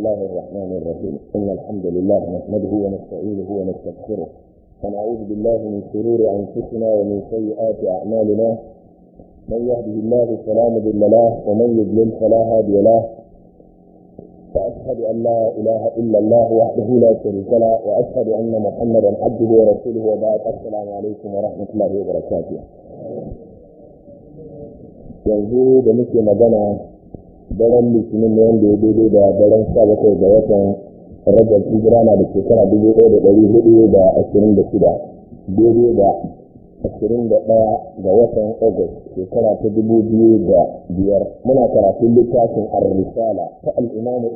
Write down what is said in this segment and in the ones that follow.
الله الرحمن الرحيم إن الحمد لله نحمده ونستعينه ونستغفره ونعوذ بالله من شرور أنفسنا ومن سيئات أعمالنا من يهده الله فلا مضل له ومن يضلل فلا هادي له وأشهد أن لا إله إلا الله وحده لا شريك له وأشهد أن محمدا عبده ورسوله وبعد السلام عليكم ورحمة الله وبركاته. ينزل مثل ما daren litinin ne wanda ya daidai da daren sha bakwai ga watan rajar hijira na da shekara dubu ɗaya da ɗari hudu da ashirin da shida daidai da ashirin da ɗaya ga watan agus shekara ta dubu biyu da biyar muna karatun littafin arrisala ta al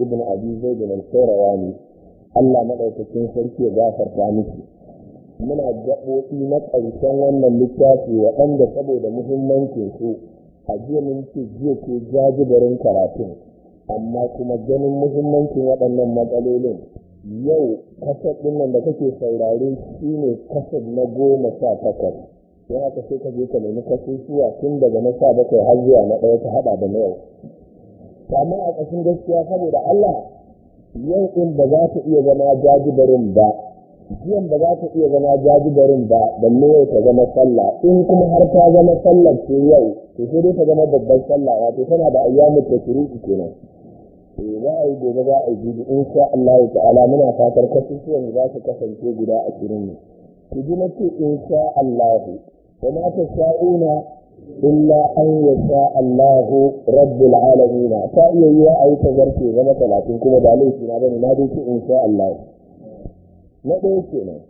ibn abi zaidu bin saurawa ne. Allah maɗaukacin sarki ya gafarta miki muna gaɓoɓi na ƙarshen wannan littafi waɗanda saboda muhimmancin su a jiya mun ce jiya ke jajibarin karatun amma kuma ganin muhimmancin waɗannan matsalolin yau kasar ɗinnan da kake saurare shi ne kasar na goma sha takwas Ya haka sai ka je ka nemi kasusuwa tun daga na sha bakwai har zuwa na ɗaya ka haɗa da na yau kamar a ƙasin gaskiya saboda Allah yau ɗin ba za ta iya zama jajibarin ba jiyan ba za ta iya zama jajibarin ba da yau ta zama sallah in kuma har ta zama sallar ce yau to sai dai ta zama babban sallah wato tana da ayyamu ta kenan eh za a yi gobe za a yi jibi in sha Allah ta'ala muna fatar kasusuwan za su kasance guda ashirin ne ku ji na ce in sha Allah wa ma ta sha'una illa an yasha Allah rabbul alamin ta iya yi a yi tazarce zama talatin kuma da laifi na bane na dace in Allah na dace kenan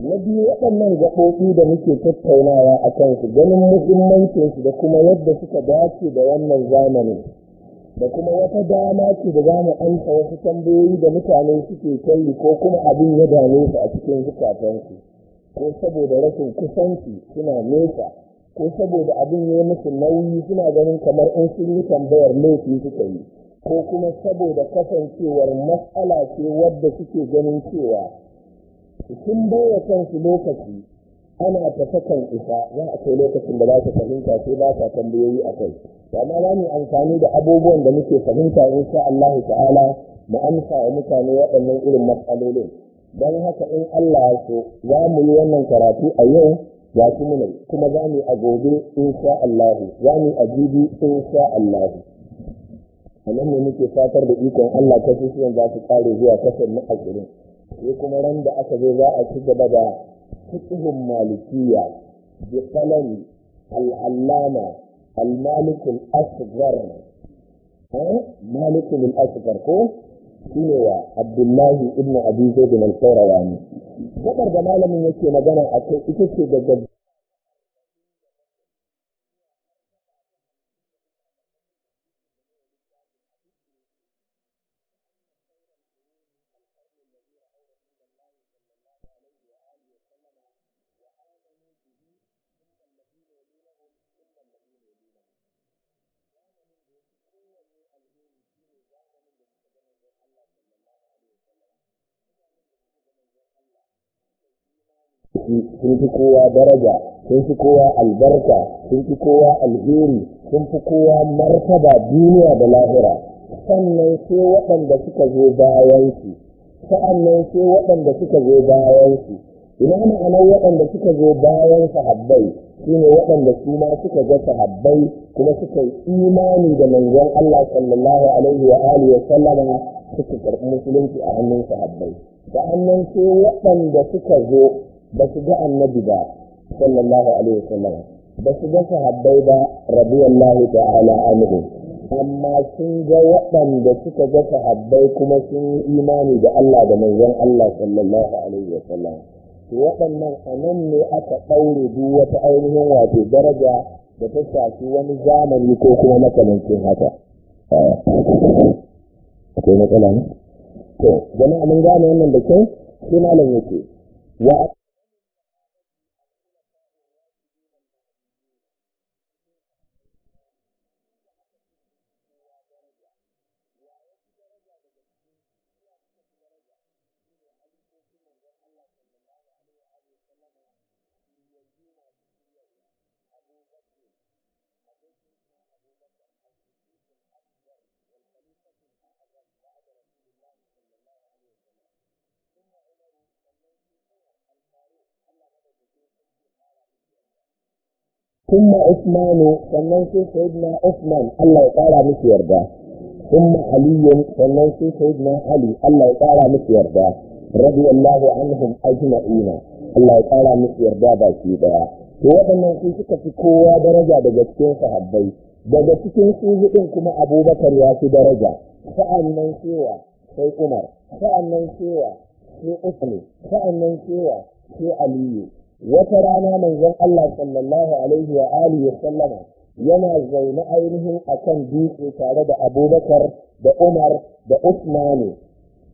na biyu waɗannan gaɓoɓi da muke tattaunawa a kansu ganin muhimmancinsu da kuma yadda suka dace da wannan zamani da kuma wata dama ce da za mu amsa wasu tambayoyi da mutane suke kai ko kuma abin ya dame su a cikin zukatansu ko saboda rashin kusanci suna nesa ko saboda abin ya musu nauyi suna ganin kamar in sun yi tambayar laifi suka yi ko kuma saboda kasancewar matsala ce wadda suke ganin cewa cikin baya kan kansu lokaci ana tafakan isa za a kai lokacin da za ta fahimta sai ba ta tambayoyi a kai amma za mu amfani da abubuwan da muke fahimta in sha Allah ta'ala mu amsa wa mutane waɗannan irin matsalolin don haka in Allah ya so za mu yi wannan karatu a yau ya ci muna kuma za mu yi a gobe in sha Allah za mu yi a jibi in sha Allah a nan ne muke fatar da ikon Allah ta fi za su kare zuwa kasar mu sai kuma ran da aka zo za a ci gaba da fiqhun malikiya bi qalam al-allama al-malik al-asghar eh? malik al-asghar ko shine wa abdullahi ibn abi zaid al-qayrawani kadar da malamin yake magana akai ita ce daga sun fi kowa daraja sun fi kowa albarka sun fi kowa alheri sun fi kowa martaba duniya da lahira sannan sai waɗanda suka zo bayan su sa'annan sai waɗanda suka zo bayan su ina ma'anar waɗanda suka zo bayan sahabbai su ne waɗanda su ma suka ga sahabbai kuma suka yi imani da manzon Allah sallallahu alaihi wa alihi wa sallama suka karɓi musulunci a hannun sahabbai sa'annan sai waɗanda suka zo ba su ga annabi ba sallallahu alaihi wasallam ba su ga sahabbai ba radiyallahu ta'ala anhu amma sun ga waɗanda suka ga sahabbai kuma sun yi imani da Allah da manzon Allah sallallahu alaihi wasallam waɗannan anan ne aka ɗaure duk wata ainihin wato daraja da ta shafi wani zamani ko kuma makamancin haka. Akwai matsala ne? To, jama'a mun gane wannan da kyau, sai malam yake. Wa ثم Usmanu. sannan sai sayyidina Usman Allah ya kara miki yarda ثم Aliyu. sannan sai sayyidina Ali Allah ya kara miki yarda radiyallahu anhum ajma'ina Allah ya kara miki yarda baki daya to waɗannan su suka fi kowa daraja daga cikin sahabbai daga cikin su hudun kuma Abubakar ya fi daraja sa'annan cewa sai Umar sa'annan cewa sai Usman sa'annan cewa sai Aliyu wata rana manzon Allah sallallahu alaihi wa alihi wa sallama yana zaune ainihin akan dutse tare da Abubakar da Umar da Usman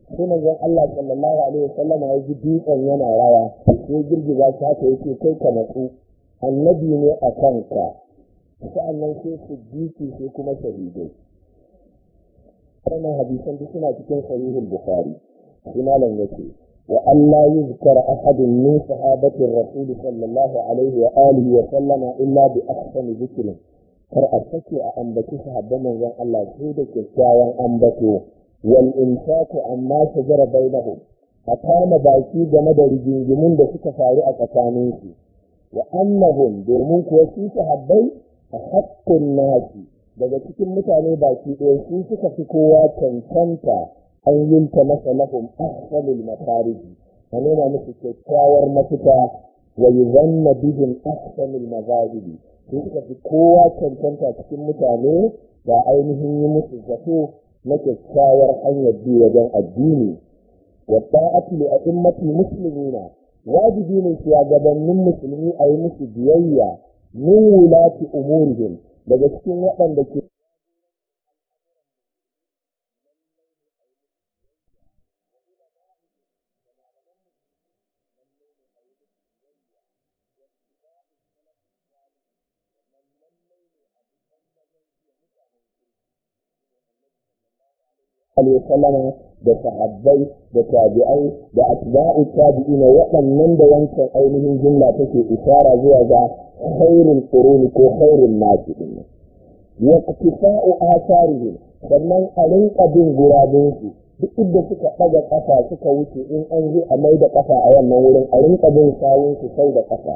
sai manzon Allah sallallahu alaihi wa sallama ya ji dutsen yana rawa sai girgiza shi haka yake kai ka natsu annabi ne a kanka sa'annan sai su dutse sai kuma shahidai wannan hadisan duk suna cikin sahihul bukhari sai malam yake وأن لا يذكر ahadin من صحابة الرسول صلى الله عليه وآله وسلم إلا بأحسن ذكر kar a sake a ambaci sahabban manzan Allah sai da kyakkyawan ambato wal insaku amma shajara bainahum a kama baki game da rigingimun da suka faru a tsakanin su wa annahum domin kuwa su sahabbai a hakkun nasi daga cikin mutane baki ɗaya su suka fi kowa cancanta an ta masa lahum ahsanul makariji ka nuna musu kyakkyawar mafita wa yuzanna bihim ahsanul mazahibi sun suka fi kowa cancanta cikin mutane da ainihin yi musu zato na kyakkyawar hanyar bi wajen addini wa ta'atu li a'immati muslimina wajibi ne gabanin musulmi a yi musu biyayya min wulati umurihim daga cikin waɗanda ke alaihi da sahabbai da tabi'ai da atba'u tabi'ina waɗannan da wancan ainihin jumla take isara zuwa ga khairul quruni ko khairul nasi din ya kifa'u asarihi sannan a rinka bin gurabinsu duk inda suka ɗaga ƙafa suka wuce in an yi a mai da ƙafa a wannan wurin a rinka bin sawunsu sau da ƙafa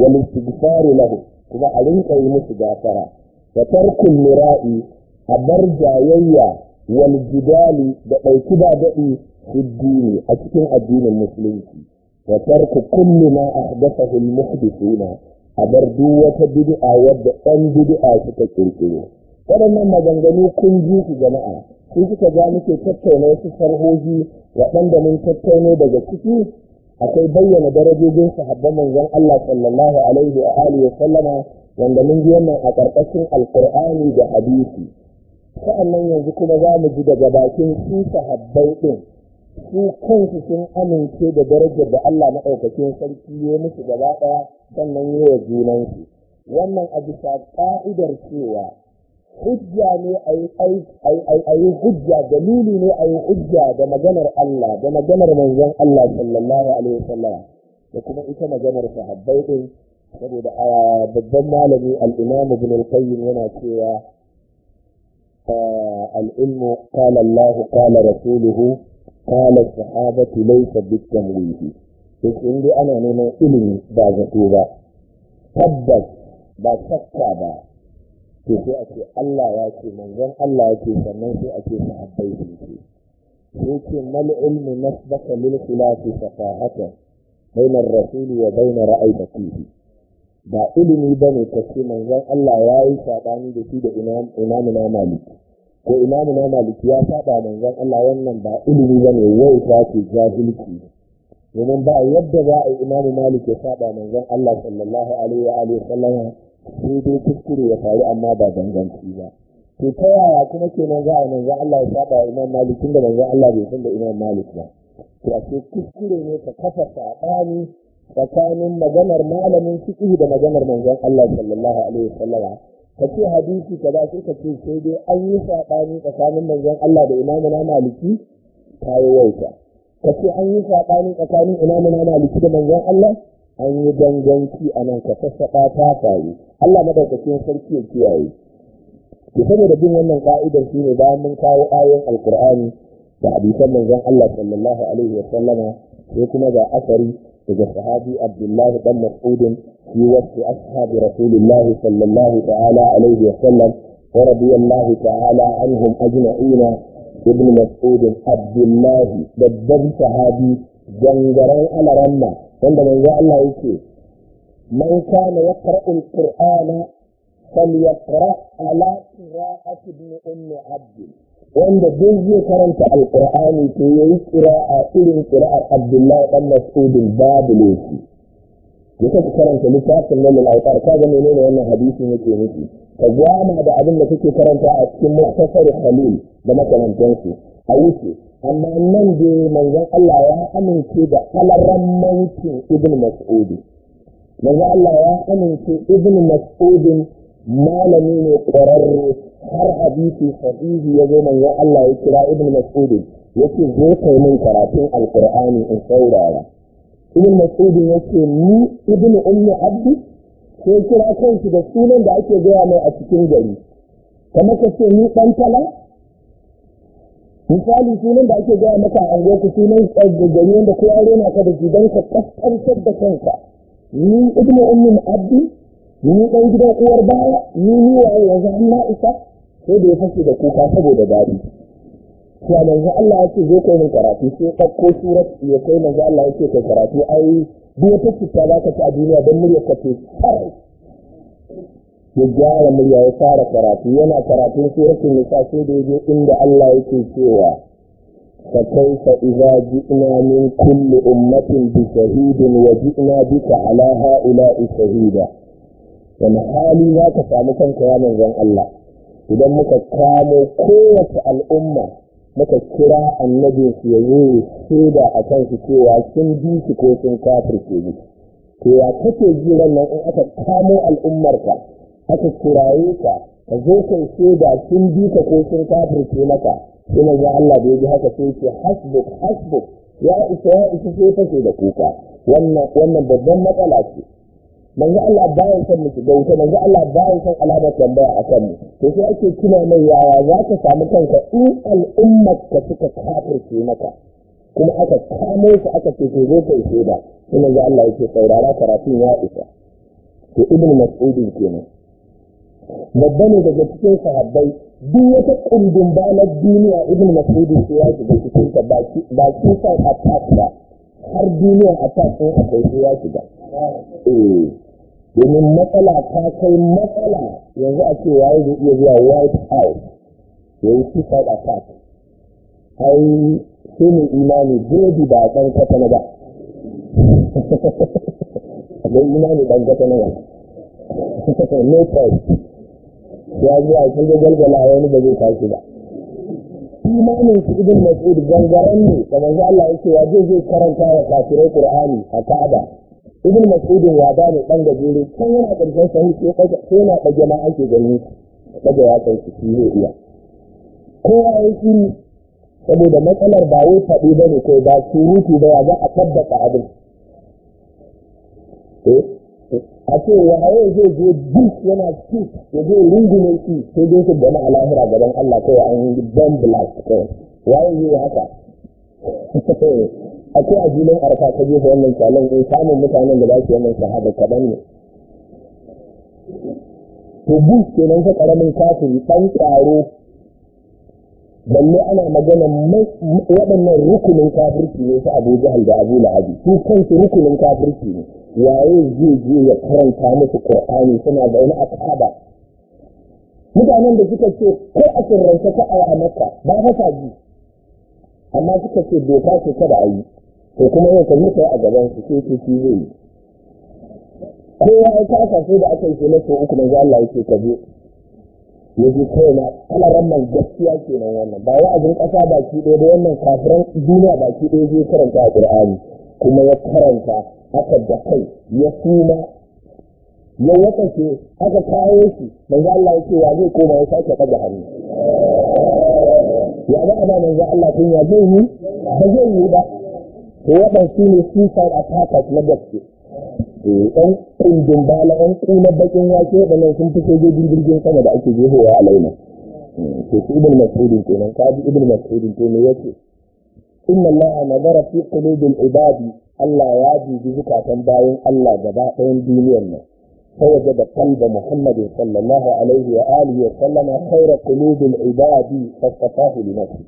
wal istighfaru lahu kuma a rinka yi musu gafara wa tarkul mira'i a bar jayayya wal da ɗauki ba daɗi fiddini a cikin addinin musulunci wa tarku kulli ma ahdathahu al muhdithuna a bar duk wata bid'a wadda ɗan bid'a suka kirkiro waɗannan maganganu kun ji jama'a sun suka ga muke tattauna wasu sarhohi da mun tattauna daga ciki akwai bayyana darajojin sahabban manzon Allah sallallahu alaihi wa alihi wa wanda mun ji wannan a ƙarƙashin alqur'ani da hadisi sa'annan yanzu kuma za mu ji daga bakin su sahabbai ɗin su kansu sun amince da darajar da Allah maɗaukakin sarki ya musu gaba ɗaya sannan yi wa junansu wannan a bisa ƙa'idar cewa hujja ne a yi hujja dalili ne a yi hujja da maganar Allah da maganar manzon Allah sallallahu alaihi wasallam da kuma ita maganar sahabbai ɗin saboda a babban malami al-Imam Ibn al-Qayyim yana cewa العلم قال الله قال رسوله قال الصحابة ليس بالتمويه in dai ana neman ilimi ba zato ba tabbas ba shakka ba to sai a ce Allah ya ce manzon Allah ya ce sannan sai a ce sahabbai sun ce sai ce bainar rasuli wa bainar ra'ayi kifi. ba ilimi ba ne ka ce manzon Allah ya yi saɓani da shi da imamu na maliki ko imamu na maliki ya saɓa manzon Allah wannan ba ilimi ba ne wai ta ce jahilci domin ba yadda za a yi imamu Maliki ya saɓa manzon Allah sallallahu alaihi wa alihi sallama sai dai kuskure ya faru amma ba danganci ba to ta yaya kuma kenan za a yi manzon Allah ya saɓa imam malik tunda manzon Allah bai san da imam Maliki ba to a ce kuskure ne ka kafa saɓani tsakanin maganar malamin fiqh da maganar manzon Allah sallallahu alaihi ka ce hadisi kaza sai ka ce sai dai an yi saɓani tsakanin manzon Allah da imamu na maliki ta yi wauta ka ce an yi saɓani tsakanin imamu na maliki da manzon Allah an yi danganci a nan ka sassaɓa ta faru Allah madaukakin sarki ya kiyaye ke da bin wannan ka'idar shi ne bayan mun kawo ayoyin alkur'ani da hadisan manzon Allah sallallahu alaihi sai kuma ga asari daga sahabi abdullahi dan mas'udin fi wasu ashabi rasulillahi sallallahu ta'ala alaihi wa sallam wa radiyallahu ta'ala anhum ajma'ina ibn mas'udin abdullahi babban sahabi gangaren alaramma wanda manzo Allah yake man kana yaqra'u al-qur'ana falyaqra' ala qira'ati ibn ummi abdullah wanda duk zai karanta alkur'ani yi yayi a irin kira a Abdullahi ɗan Mas'udin babu laifi yake karanta littafin nan al ka kaga menene wannan hadisi yake nufi ka ma da abin da kake karanta a cikin Muktasar Khalil da makamantansu a wuce amma nan da manzon Allah ya amince da halaran mankin Ibn Mas'udi manzon Allah ya amince Ibn Mas'udin malami ne ƙwararre har hadisi sahihi ya zo manzon Allah ya kira ibn mas'ud yake zo kai min karatun alqur'ani in saurara ibn mas'ud ce ni ibn ummi abdi ko kira kansu da sunan da ake gaya mai a cikin gari kamar ka ce ni dan tala misali sunan da ake gaya maka an ga ku sunan da gari wanda ko aure na ka da gidanka kaskantar da kanka ni ibn ummi abdi ni ɗan gidan uwar baya ni ni waye yanzu an na isa sai da ya fashe da kuka saboda daɗi ya manzo Allah ya ce zo kai min karatu sai ɗauko surat ya kai manzo Allah ya ce kai karatu ai duk wata cuta za ka ci a duniya don murya ka ce karai ya gyara murya ya fara karatu yana karatu, karatun suratul nisa sai da je inda Allah ya yake cewa kai kaifa idza ji'na min kulle ummatin bi shahidin wa ji'na bika ala ha'ula'i shahida wani hali za ka samu kan ya manzon Allah idan muka kamo kowace al'umma muka kira annabin su ya zo shaida a kan su cewa sun bi su ko sun ke ni to ya kake ji nan in aka kamo ka aka kiraye ka ka zo kai shaida sun bi ka ko sun ke maka sai manzon Allah da ya ji haka sai ce hasbuk hasbuk ya isa ya isa sai fashe da kuka wannan babban matsala ce manzo Allah bayan san mu shiga wuta manzo Allah bayan san alamar tambaya a kanmu to sai ake kina mai yaya za ka samu kanka in al'ummar ka suka kafirce maka kuma aka kamo ka aka ce ko zo ishe da sai manzo Allah yake saurara karatun ya isa to ibnu mas'ud kenan babba ne daga cikin sahabbai duk wata kundin banar duniya ibnu mas'ud sai ya shiga cikin ta ba ki san attack ba har duniya a ɗin akwai sai ya shiga eh domin matsala ta kai matsala yanzu a ce waye zai iya zuwa white house ya yi suicide attack ai sai ne imani gobe ba a ɗan kasa na ba don imani ɗan kasa na ba no choice ya zuwa sun ga galgala wani ba zai tashi ba imanin su ibn masu gangaren ne kamar Allah yake ya je zai karanta wa kafirai ƙur'ani a ka'aba ibn mas'ud ya ba ne dan gajere kan yana karshen sahih sai kaga sai na dage ma ake gani kaga ya kai shi ne iya Ko ya yi saboda matsalar ba wai faɗi bane ne ba surutu ba ya za a tabbata abin eh, a ce wa haye zai je duk yana ci ya je rungume shi sai dai su gama alahira lahira gaban Allah kai an yi bomb blast ko waye zai haka Akwai a filin arfa ta gefe wannan kyalan in samun mutanen da za su wannan shahada kaɗan ne to bus kenan ta ƙaramin kafin ɗan ƙaro balle ana magana waɗannan rukunin kafirci ne su abu jihar da abu la'abi su kansu rukunin kafirci ne waye zai je ya karanta musu ƙur'ani suna da wani akaba mutanen da suka ce ko a sirrance ta a makka ba ka ji amma suka ce doka ce kada a yi ko kuma yau kan kai a gaban su sai ce shi zai ko ya kasa da aka yi na sau uku zuwa Allah yake ka je ya ji kai na kalaran nan gaskiya kenan wannan ba wa abin kasa baki ɗaya da wannan kafiran duniya baki ɗaya zai karanta a ƙurani kuma ya karanta haka da kai ya suna ya ce haka kawo shi manzo Allah yake wa zai koma ya sake ɗaga hannu ya ba da manzo Allah tun ya zai yi ba zai yi ba to ne su ne a attackers na gaske ɗan kundin bala ɗan ƙunar bakin wake da nan sun fi sojojin jirgin sama da ake jehowa a launa hmm, to su ibn mas'udin kenan ka ji ibn mas'udin to me yake inna allaha nazara fi qulubil ibadi Allah ya dubi zukatan bayan Allah gaba ɗayan duniyar nan فوجد قلب محمد صلى الله عليه وآله وسلم خير قلوب العباد فاصطفاه لنفسه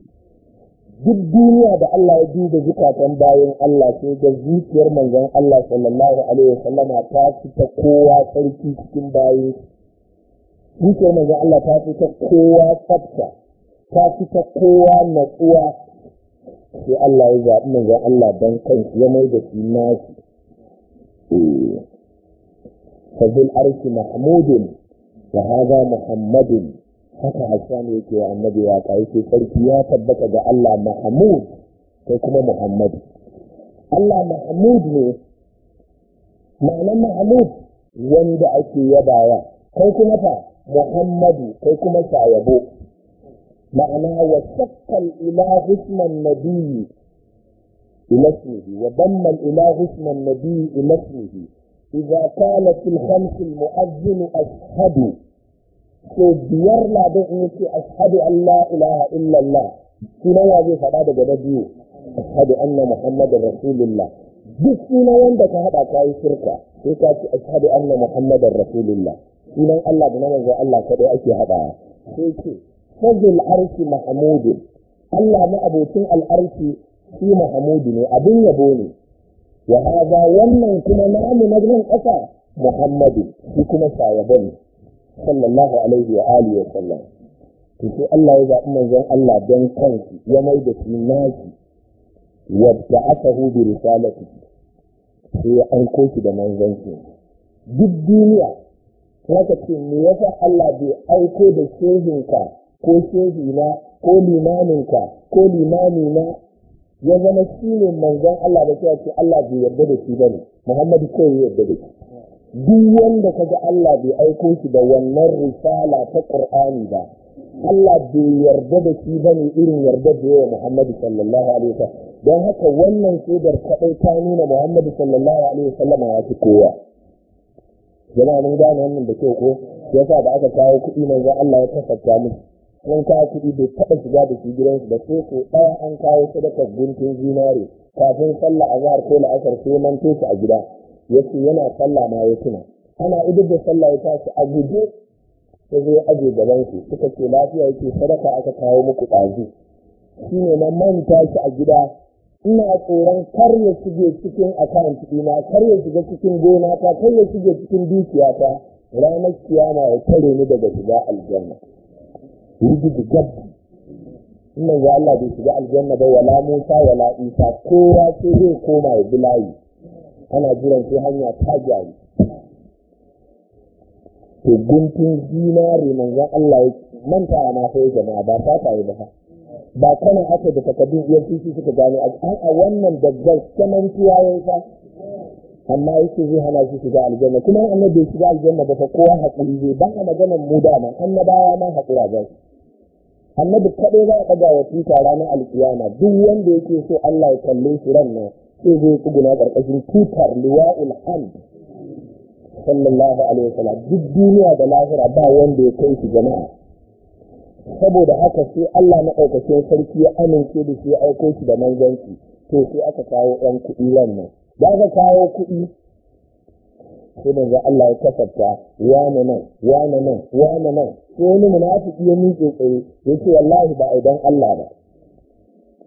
duk duniya da Allah ya duba zukatan bayan Allah sai da zuciyar manzon Allah sallallahu alaihi wasallama ta fita kowa sarki cikin bayan zuciyar manzon Allah ta fita kowa tsafta ta fita kowa natsuwa sai Allah ya zaɓi manzon Allah don kansu ya mai da shi nashi eh. fazil arki mahmudin wa haza muhammadin haka hassan yake wa annabi ya kai sai sarki ya tabbata ga Allah Mahmud sai kuma Muhammad Allah Mahmud ne ma'anar Mahmud wanda ake yabawa kai kuma fa Muhammadu kai kuma sayabo ma'ana wa shakkal ilahu isman nabiyyi لنفسه وضم الإله اسم النبي لنفسه إذا قالت الخمس المؤذن أشهد ko biyar labin in yace ashhadu an la ilaha illallah sunan ya zai faɗa daga na biyu ashhadu anna Muhammadu rasulullah duk sunan wanda ka haɗa ka yi shirka sai ka ce ashhadu anna Muhammadu rasulullah sunan Allah da na manzon Allah kaɗai ake haɗa sai ce fadl arshi mahmudin Allah na abokin al'arki shi mahmudu ne abin yabo ne wa wannan kuma namu na ƙasa muhammadu shi kuma shayabo ne sallallahu alaihi wa alihi wa sallam to sai Allah ya zaɓi manzon Allah dan kansu ya mai da shi naji wa aka hudu risalati sai ya aiko shi da manzanci duk duniya ka ce me yasa Allah bai aiko da shehinka ko shehina ko limaminka ko limamina ya zama shi ne manzon Allah da ya ce Allah bai yarda da shi bane Muhammadu kawai ya yarda da shi duk wanda kaga Allah bai aiko shi da wannan risala ta Qur'ani ba Allah bai yarda da shi bane irin yarda da yawa Muhammadu sallallahu alaihi wasallam don haka wannan shaidar kadai ta nuna Muhammadu sallallahu alaihi wasallam ya fi kowa jama'a mun gane wannan da kyau ko yasa da aka kawo kuɗi manzo Allah ya kasabta musu an kawo kuɗi bai taɓa shiga da shi gidansu da sai ko ɗaya an kawo sadakar guntun zinare kafin sallah azhar ko la'asar sai man a gida yake yana sallah ma ya tuna ana idar da sallah ya tashi a guje ya zo ya aje gaban ku suka ce lafiya yake sadaka aka kawo muku ɗazu shi ne na manta shi a gida ina tsoron kar ya shige cikin akawun ɗina kar ya shiga cikin gona ta kar ya shige cikin dukiyata. ranar kiyama ya tare ni daga shiga aljanna rigidi gabbi Allah bai shiga aljanna ba wala Musa wala Isa kowa sai zai koma ya bi layi ana jiran sai hanya ta gyaru to guntun zinari manzon Allah ya manta a sai jama'a ba ta tayi ba ba kana aka da takardun EFCC suka gane a wannan daggar sanan tuwayen sa amma yake zai hana shi shiga aljanna kuma annabi bai shiga aljanna ba fa kowa hakuri zai ba a maganar mu da man annabawa ma hakura zai annabi kadai za a daga wa tuta ranar alkiyama duk wanda yake so Allah ya kalle shi ran nan sai zai guna ƙarƙashin tutar liwa'ul hamd sallallahu alaihi wa sallam duk duniya da lahira ba wanda ya kai shi jama'a saboda haka sai Allah na maɗaukacin sarki ya amince da shi ya aiko shi da manzanci to sai aka kawo ɗan kuɗi wannan da aka kawo kuɗi sai manzo Allah ya kasafta wane nan wane nan wane nan sai wani munafiki ya miƙe tsaye ya ce wallahi ba idan Allah ba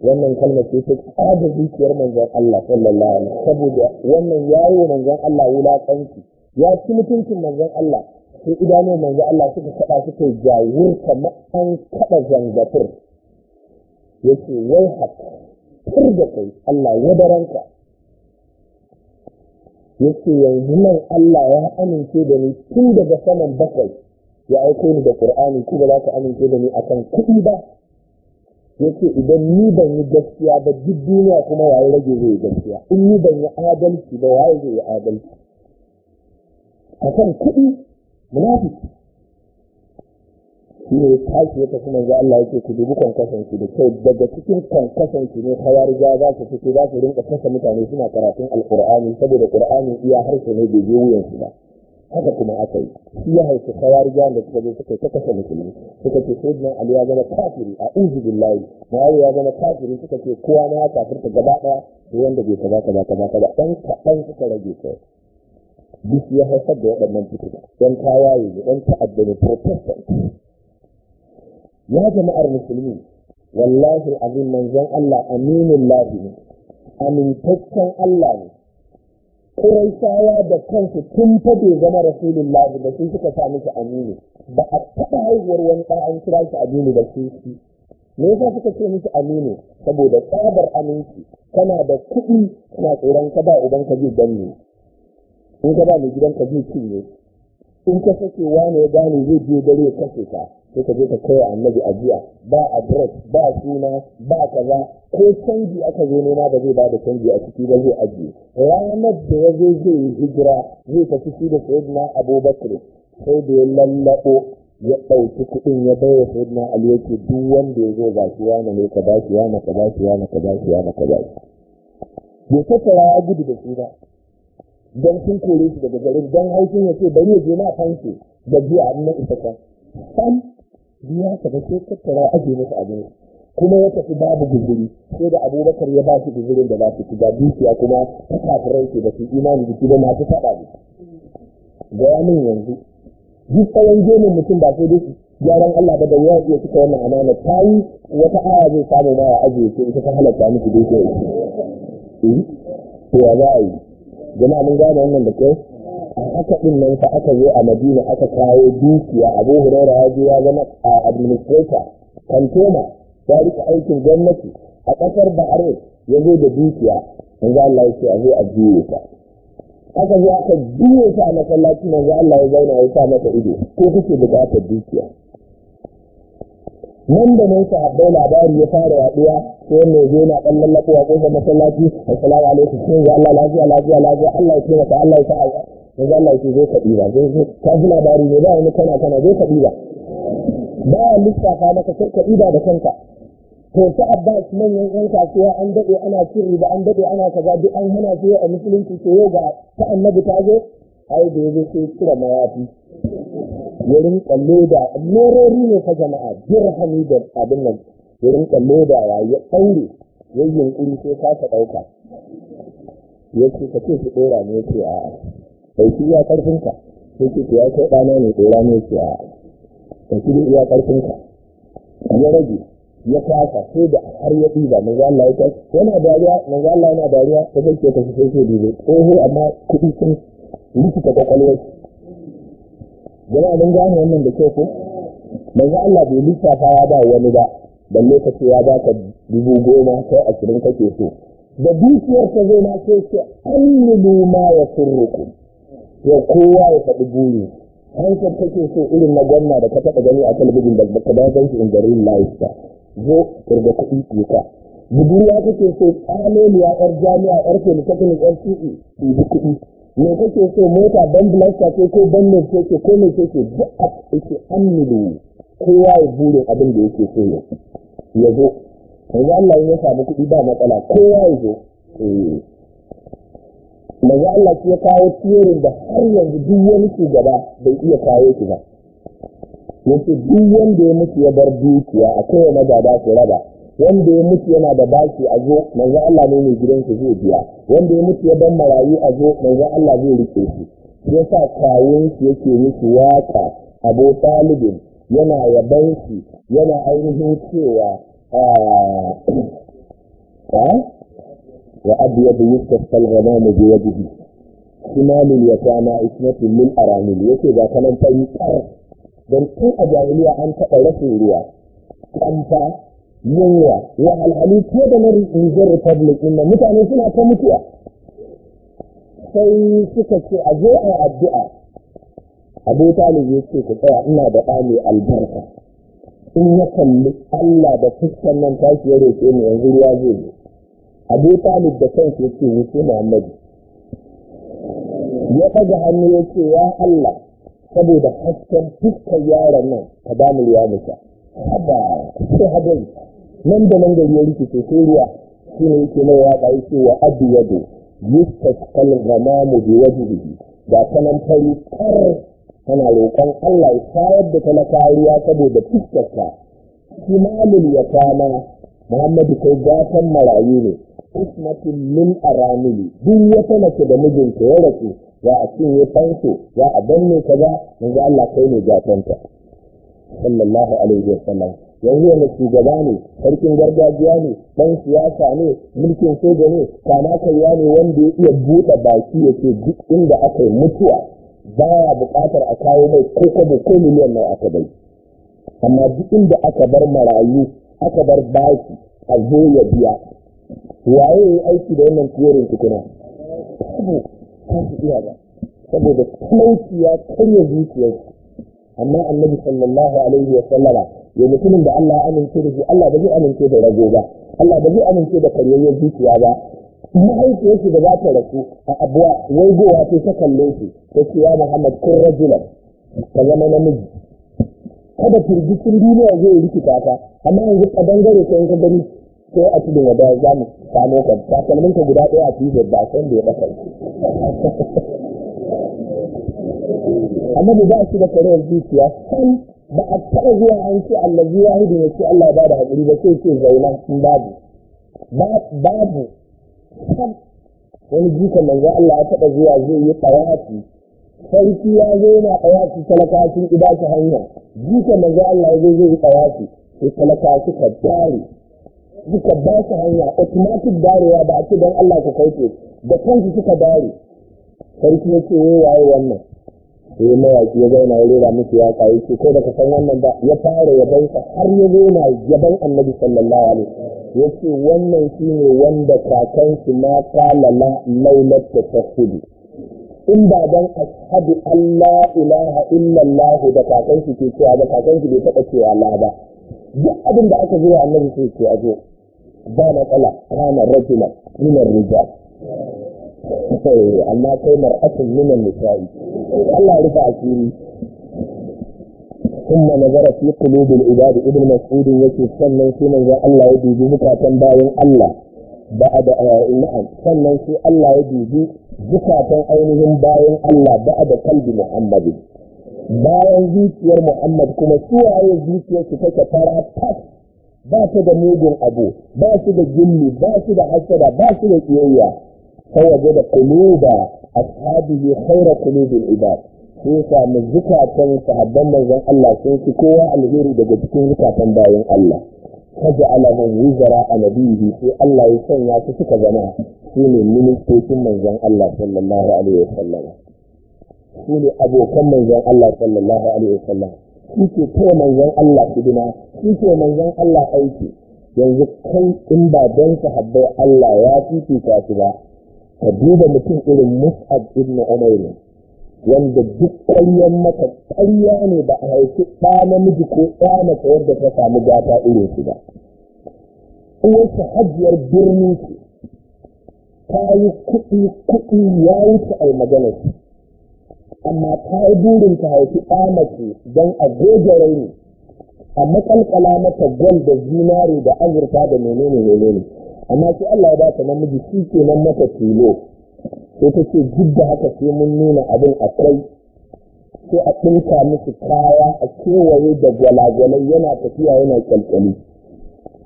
wannan kalmar ce ta tsada zuciyar manzon Allah sallallahu alaihi saboda wannan yayi wa manzon Allah wulakanci ya ci mutuncin manzan Allah sai idanun manzon Allah suka kada suka jawur kamar an kada zangatur yace wai haka tur da kai Allah ya baranka yace yanzu nan Allah ya amince da ni tun daga saman bakwai ya aiko ni da Qur'ani ku ba za ka amince da ni akan kuɗi ba Ya ce idan ni ban yi gaskiya ba duk duniya kuma waye rage zai gaskiya in ni ban yi adalci ba waye zai yi adalci kan kuɗi munafiki shi ne tashi ya tafi manzo Allah yake ku dubi kankasan da kyau daga cikin kankasan ne ja za su fito za su rinka kasa mutane suna karatun alkur'ani saboda kur'ani iya harshe ne bai je wuyansu ba haka kuma aka yi shi ya haifi kawariya da suka zo suka ta kasa musulmi suka ce sayyidina ali ya zama kafiri a uzu billahi ma'awi ya zama kafiri suka ce kowa na ya kafirta gaba daya da wanda bai kaza kaza kaza kaza dan kaɗan suka rage kai duk ya haifar da waɗannan fitina dan tawaye ne dan ta'adda ne protestant ya jama'ar musulmi wallahi al'azim manzon Allah aminin ne amintaccen Allah ne Qurayshawa da kansu tun fa zama zama Rasulullahi da sun suka sa miki Aminu ba a taɓa haihuwar wani ɗan an kira shi Aminu da su shi me yasa suka ce miki Aminu saboda tsabar aminci kana da kuɗi kana tsoron ka ba uban ka zai danne in ka ba mai gidan ka zai cinye in ka sake wani ya gane zai je dare ya kashe ka sai ka je ka kai annabi ajiya ba address ba suna ba kaza ko canji aka zo nema ba zai ba da canji a ciki ba zai ajiye ranar da ya zo zai yi hijira zai tafi shi da sayyidina abubakar sai da ya lallabo ya ɗauki kuɗin ya bai wa sayyidina ali yake duk wanda ya zo ba shi yana ne ka ba shi yana ka ba shi yana ka ba shi yana ka ba shi bai tattara ya gudu da shi ba don sun kore shi daga garin don haushin ya ce bari ya je na fanke da biya na isa can biya haka da sai tattara aje masa abin kuma ya tafi babu guzuri sai da abubakar ya ba shi guzurin da za su ci ga dukiya kuma ta kafirai ke da su imani da su ba masu faɗa Gaya ga yamin yanzu duk tsawon gemin mutum ba sai dai gyaran Allah ba da wuya iya cika wannan amana ta yi wata aya zai samu ma ya ajiye ce ita ta halatta miki dai ko ya eh? Ya za a yi. Jama'a mun gane wannan da kyau. a haka ɗin nan fa aka zo a madina aka kawo dukiya abu hurara ya ya zama administrator kantoma ya rika aikin gwamnati a kasar bahrain ya zo da dukiya za Allah ya ce a zo a juye ta aka zo aka juye ta a masallaci za Allah ya zauna ya sa mata ido ko kuke bukatar dukiya nan da nan sahabbai labari ya fara yaduwa ko wanne ya zo na dan lallakuwa ko masallaci assalamu alaikum sai Allah lafiya lafiya lafiya Allah ya ce, maka Allah ya sa yanzu Allah yake zo ka ɗiba zai zo labari ne ba wani kana kana zo ka ba. ba a lissafa maka sai ka ɗiba da kanka to ta abbas manyan yan kasuwa an daɗe ana cin riba an daɗe ana kaza duk an hana su a musulunci to yau ga ta annabi ta zo ai da yazo sai cire mayafi wurin kallo da merori ne ta jama'a dirhami da abin nan wurin kallo da ya ɗaure yayyin kuri sai ka ɗauka yake ka ce su ɗora ne ce a'a sauki iya karfinka sai ce ya kai ɗana ne ɗora ne ce a ɗauki iya ƙarfinka ya rage ya kasa sai da har ya ɗiba manzo Allah ya kasa yana dariya manzo Allah yana dariya ta zai ta fito ke dole tsoho amma kuɗi sun ta kwakwalwar jama'a don gane wannan da kyau ko manzo Allah bai lissafa ya ba wani ba balle ka ce ya ba ka dubu goma kai ashirin kake so da dukiyar ta zai na ce ce an ma ya surruku ya kowa ya faɗi buri hankali kake so irin na gwamna da ka taɓa gani a talabijin da ka da ganci in garin life zo kirga kuɗi tuka budurwa kake so tsameliya yar jami'a yar polytechnic yar ce bi kuɗi me kake so mota ban blaster ce ko ban ne ce ko mai ce duk a ce an kowa ya buri abin da yake so ya zo yanzu Allah ya samu kuɗi ba matsala kowa ya zo eh. manzo Allah ya kawo tsirin da har yanzu duk wani shugaba bai iya kawo shi ba yace duk wanda ya mutu ya bar dukiya a na magada su raba wanda ya mutu yana da baki a zo manzo Allah ne mai gidan su zai biya wanda ya mutu ya bar marayu a zo manzo Allah zai rike shi yasa kawun shi yake miki waka Abu Talibin yana yaban shi yana ainihin cewa ah, ah, وأبيض يستسقى الغنام بيده شمال اليتامى اسمة للأرامل يكي ذا كان تأي Dan tun a jahiliya an taɓa rashin ruwa ƙamfa yunwa ya alhali ko da na rijiyar nan mutane suna ta mutuwa sai suka ce a zo a addu'a abu talib ya ce ku tsaya ina da ɗa mai albarka in ya kalli allah da fuskar nan tashi ya roƙe mu yanzu ruwa zai abu talib da kansu yake wuce muhammadu ya ɗaga hannu ya ce ya allah saboda hasken fuskar yaron nan ta ba mu ruwa musa haba sai hadari nan da nan gari ya rikice sai ruwa shi ne yake mai waƙa ce wa abu yado yustaskal gamamu bi wajhihi ga kanan fari kar tana roƙon Allah ya kayar da na kariya saboda fuskarsa ya kama Muhammadu kai gatan marayu ne ismatin min aramili duk wata mace da mijinta ya rasu za a cinye fanso za a danne ka za manzo Allah kai ne gatanta sallallahu alaihi wasallam yanzu wani shugaba ne sarkin gargajiya ne ɗan siyasa ne mulkin soja ne kama ya ne wanda ya iya buɗe baki ya ce duk inda aka yi mutuwa Ba ya buƙatar a kawo mai ko kwabo ko miliyan nan aka bai amma duk inda aka bar marayu aka bar baki a zo ya biya waye yi aiki da wannan tiyorin tukuna abu kan iya ba saboda talauci ya karya zuciyarsu amma annabi sallallahu alaihi wa sallama ya mutumin da Allah amince da shi Allah ba zai amince da rago ba Allah ba zai amince da karyayyar zuciya ba mahaifiyarsu da za ta rasu a abuwa wai gowa ce ta kalle shi ta ce ya Muhammad kun rajulan ka zama namiji kada firgicin duniya zai rikita ta amma yanzu a dangare ka yanka gani sai a cikin wadda za mu samu ka takalminka guda ɗaya a cikin ba san da ya ɗaka annabi ba shi da karewar zuciya san ba a taɓa zuwa an ce zuwa, hudu ya ce Allah ba da haƙuri ba sai ce zaina, sun babu babu wani jikan manzo Allah ya taɓa zuwa zai yi tsayati sarki ya zo yana ɗawaci talaka sun ƙi hanya jika na Allah ya zo zai yi ɗawaci sai talaka ka dare suka ba su hanya automatic darewa ba a ce don Allah ka kauce da kansu suka dare sarki ya ce wai eh, waye wannan sai mawaƙi ya zauna ya rera musu ya kayi ce kai ka san wannan ba ya fara ya sa har ya na yaban annabi sallallahu alaihi ya ce wannan shine wanda kakansu ma kalala laulat ta hudu in ba dan ashhadu Allah ilaha illallah da kakan shi ke cewa da kakan shi bai taba cewa la ba duk abin da aka zuwa annabi sai ce aje ba matsala kana rajula min ar-rijal eh, amma kai mar'atun min an-nisa'i Allah rufa asiri ثم نظر في قلوب العباد ابن مسعود sunan سنن سنن الله يدي بمكاتن باين الله بعد نعم eh, sannan sai Allah ya dubi zukatan ainihin bayan Allah ba da kalbi Muhammad bayan zuciyar Muhammad kuma suwaye zuciyar su take fara tas ba su da mugun abu ba su da gilli ba su da hasada ba su da kiyayya sai da kuluba quluba ashabihi khayra qulubil ibad sai samu zukatan sahabban manzon Allah sun fi kowa alheri daga cikin zukatan bayan Allah kaji alaman wuzara a nabihi sai Allah ya sanya su suka zama su ne ministocin manzan Allah sallallahu alaihi wasallam su ne abokan manzan Allah sallallahu alaihi wasallam su ke kai manzan Allah su hidima su ke manzan Allah aiki yanzu kai in ba don sahabbai Allah ya fifita su ba ka duba mutum irin Mus'ab ibn Umair wanda duk ƙaryen mata ƙarya ne ba a haifi ɗa namiji ko ɗa mace yadda ta samu gata irin su ba uwarsa hajiyar birni ce ta yi kuɗi kuɗi ya wuce a magana amma ta yi burin ta haifi ɗa mace don a goge raini a matsalƙala mata gwal da zinari da azurfa da menene menene amma sai Allah ya ba ta namiji shi ke nan mata tilo sai ta ce duk da haka sai mun nuna abin a kai sai a ɗinka musu kaya a kewaye da gwalagwalai yana tafiya yana kyalkyali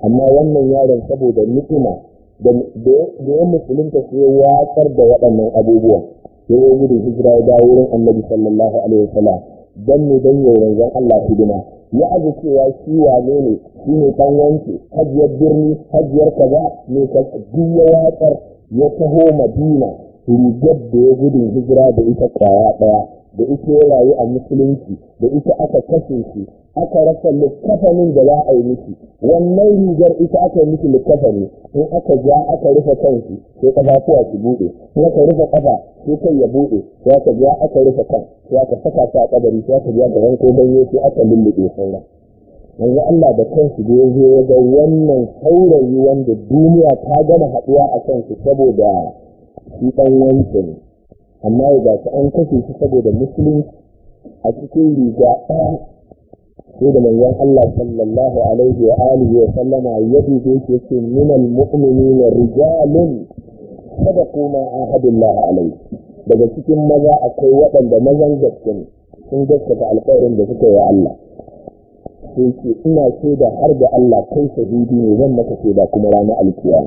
amma wannan yaron saboda ni'ima da ya musulunta sai ya watsar da waɗannan abubuwan sai ya gudun hijira ya dawo wurin annabi sallallahu alaihi wasallam dan ne dan yau ranzan Allah hidima ya aji cewa shi wane ne shi ne kan wanke hajiyar birni hajiyar kaza ne ka duk ya watsar ya taho madina rigar da ya gudun hijira da ita kwaya ɗaya da ita ya rayu a musulunci da ita aka kashe shi aka rasa littafanin da za a miki wannan rigar ita aka yi miki littafani in aka ja aka rufe kansu sai kafafuwa su buɗe in aka rufe kafa sai kai ya buɗe sai aka ja aka rufe kan sai aka saka su a kabari sai aka ja da ranko ganye sai aka lullube sauran yanzu Allah da kansu da ya zo wannan saurayi wanda duniya ta gama haɗuwa a kansu saboda shi ɗan ne amma ya ga an kashe shi saboda musulunci a cikin riga ɗaya sai da manyan Allah sallallahu alaihi wa alihi wa sallama ya dube shi yace min al mu'minina rijalun sadaqu ma ahadullah alaihi daga cikin maza akwai waɗanda mazan gaske ne sun gaskata alƙawarin da suka yi Allah sai ina shaida har da Allah kai shahidi ne zan maka shaida kuma ranar alkiya.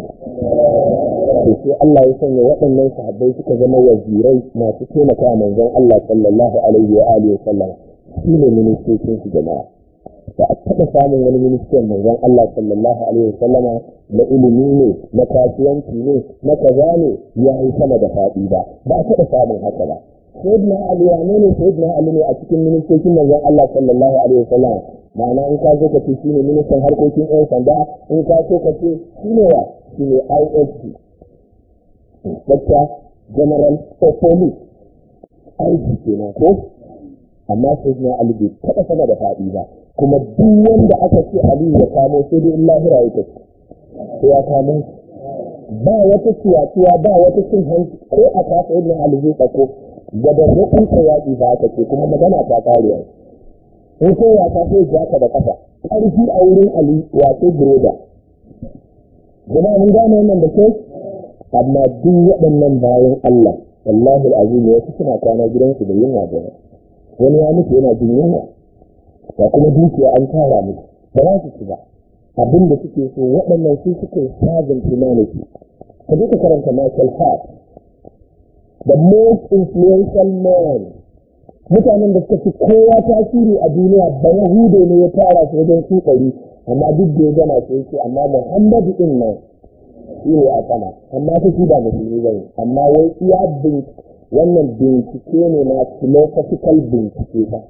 to sai Allah ya sanya waɗannan sahabbai suka zama wazirai masu taimaka manzon Allah sallallahu alaihi wa alihi wasallam shi ne ministocin su jama'a ba a taɓa samun wani ministan manzon Allah sallallahu alaihi wasallam na ilimi ne na kasuwanci ne na kaza ne ya yi sama da faɗi ba ba a taɓa samun haka ba sayyidina ali ya ne sayyidina ali ne a cikin ministocin manzon Allah sallallahu alaihi wasallam ma'ana in ka zo ka ce shine ministan harkokin yan sanda in ka zo ka ce shine wa shine ISP Inspector General of Police IG kenan ko amma sayyidina ali bai taɓa sama da faɗi ba kuma duk wanda aka ce ali ya kamo sai dai in lahira ya tafi sai ya kamo ba wata ciyaciya ba wata cin hanci ko a kasa yadda ali zai tsako ne in ka yaƙi ba aka ce kuma magana ta kariya in ko ya ta sai ya da kafa ƙarfi a wurin ali wato broda jama'a mun gane wannan da ke amma duk waɗannan bayan Allah wallahi alazim ya su suna kwana gidansu da yunwa da wani ya mutu yana jin yunwa ga kuma dukiya an tara mu ba za su ci ba abin suke so waɗannan su suke sabon su ka duka karanta Michael Hart the most influential man mutanen da suka fi kowa tasiri a duniya ba hude ne ya fara su wajen su amma duk da ya gana su yake amma muhammadu din nan shi ne a sama amma ta shi ba musulmi ba ne amma wai iya wannan bincike ne na philosophical bincike ba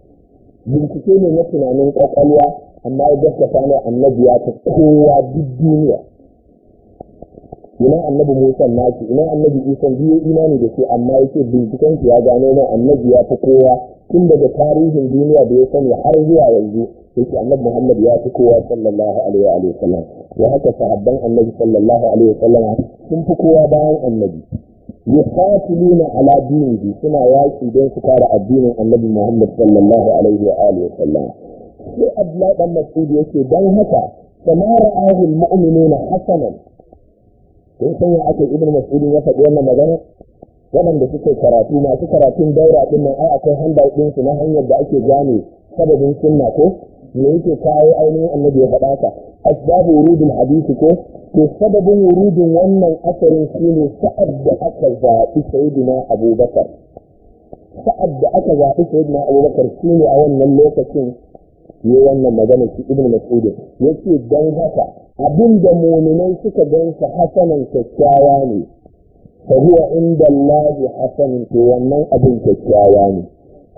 bincike ne na tunanin kwakwalwa amma ya gaskata ne annabi ya ta kowa duk duniya ina annabi Musa naki ina annabi Isa biyu ne da ke, amma yake binciken ya gano nan annabi ya fi kowa tun daga tarihin duniya da ya sani har zuwa yanzu yake annabi Muhammad ya fi kowa sallallahu alaihi wa sallam wa haka sahabban annabi sallallahu alaihi wa sallam sun fi kowa bayan annabi yuqatiluna ala dinihi suna yaki don su fara addinin annabi Muhammad sallallahu alaihi wa wa sallam sai Abdullahi dan Mas'ud yake dan haka kama ra'ahu al-mu'minuna hasanan kun sanya ya ake ibn mas'ud ya faɗi wannan magana waɗanda suke karatu masu karatun daura ɗin nan ai akwai handout na hanyar da ake gane sababin sunna ko me yake kawo ainihin annabi ya faɗa ka asbabu wurudin hadisi ko to sababin wurudin wannan asarin shine sa'ad da aka zaɓi sayyidina abubakar sa'ad da aka zaɓi sayyidina abubakar shine a wannan lokacin ya wannan magana shi ibn mas'ud yake dan haka abin da muminai suka gansa hasanan kyakkyawa ne fa huwa inda Allah hasanin to wannan abin kyakkyawa ne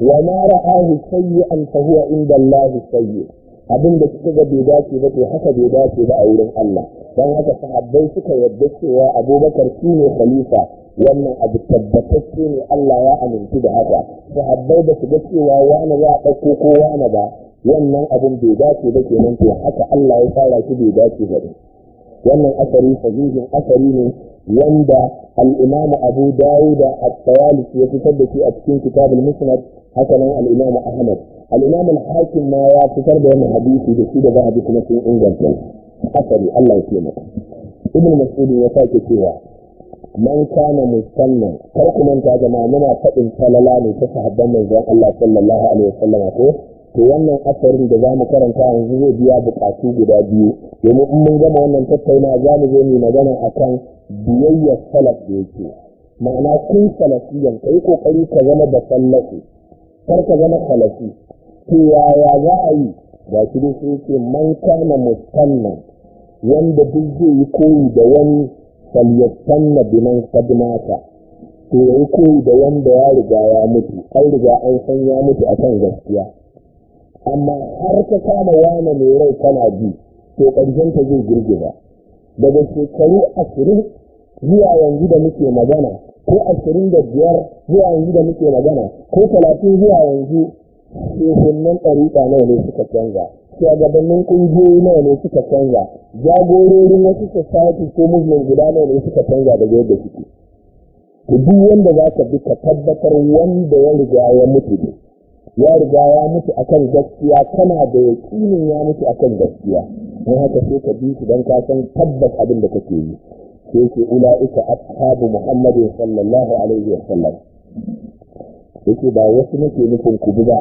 wa ma ra'ahu sayyi'an fa huwa inda Allah sayyi' abin da suka ga bai dace ba to haka bai dace ba a wurin Allah dan haka sahabbai suka yarda cewa Abubakar shine khalifa wannan abu tabbatacce ne Allah ya amintu da haka sahabbai ba su ga cewa wani ya dauko ko wani ba wannan abin bai dace ba kenan to haka Allah ya fara shi bai dace ba wannan asari sahihin asari ne wanda al Abu Dawud at-Tayalisi ya fitar da shi a cikin kitabul Musnad haka nan Ahmad al-Imam al-Hakim ma ya fitar da wannan hadisi da shi da zahabi kuma sun inganta asari Allah ya taimaka Ibn Mas'ud ya sake cewa man kana musamman kar ku manta jama'a muna fadin salala ne ta sahabban manzon Allah sallallahu alaihi wasallam ko to wannan asarin da za mu karanta yanzu zai biya bukatu guda biyu domin in mun gama wannan tattauna za mu zo mu magana akan biyayyar salaf da yake ma'ana kun salafiyan kai kokari ka zama da sallafi kar ka zama salafi to yaya za a yi ga shi dai sai ce man kana musannan wanda duk zai yi koyi da wani falyasanna biman sadmata to yayi koyi da wanda ya riga ya mutu an riga an san ya mutu akan gaskiya amma har ka kama wane mai rai kana bi to ƙarshen ka zai girgiza daga shekaru ashirin zuwa yanzu da muke magana ko ashirin da biyar zuwa yanzu da muke magana ko talatin zuwa yanzu shehunan ɗariƙa nawa ne suka canza shugabannin ƙungiyoyi nawa ne suka canza jagororin wasu society ko muslim guda nawa ne suka canza daga yadda suke duk wanda za ka bi ka tabbatar wanda ya riga ya mutu ne ya riga ya mutu akan gaskiya kana da yaƙinin ya mutu akan gaskiya don haka sai ka bi su don ka san tabbas abin da kake yi sai ce ula'ika ashabu muhammadin sallallahu alaihi wa sallam yake ba wasu nake nufin ku ba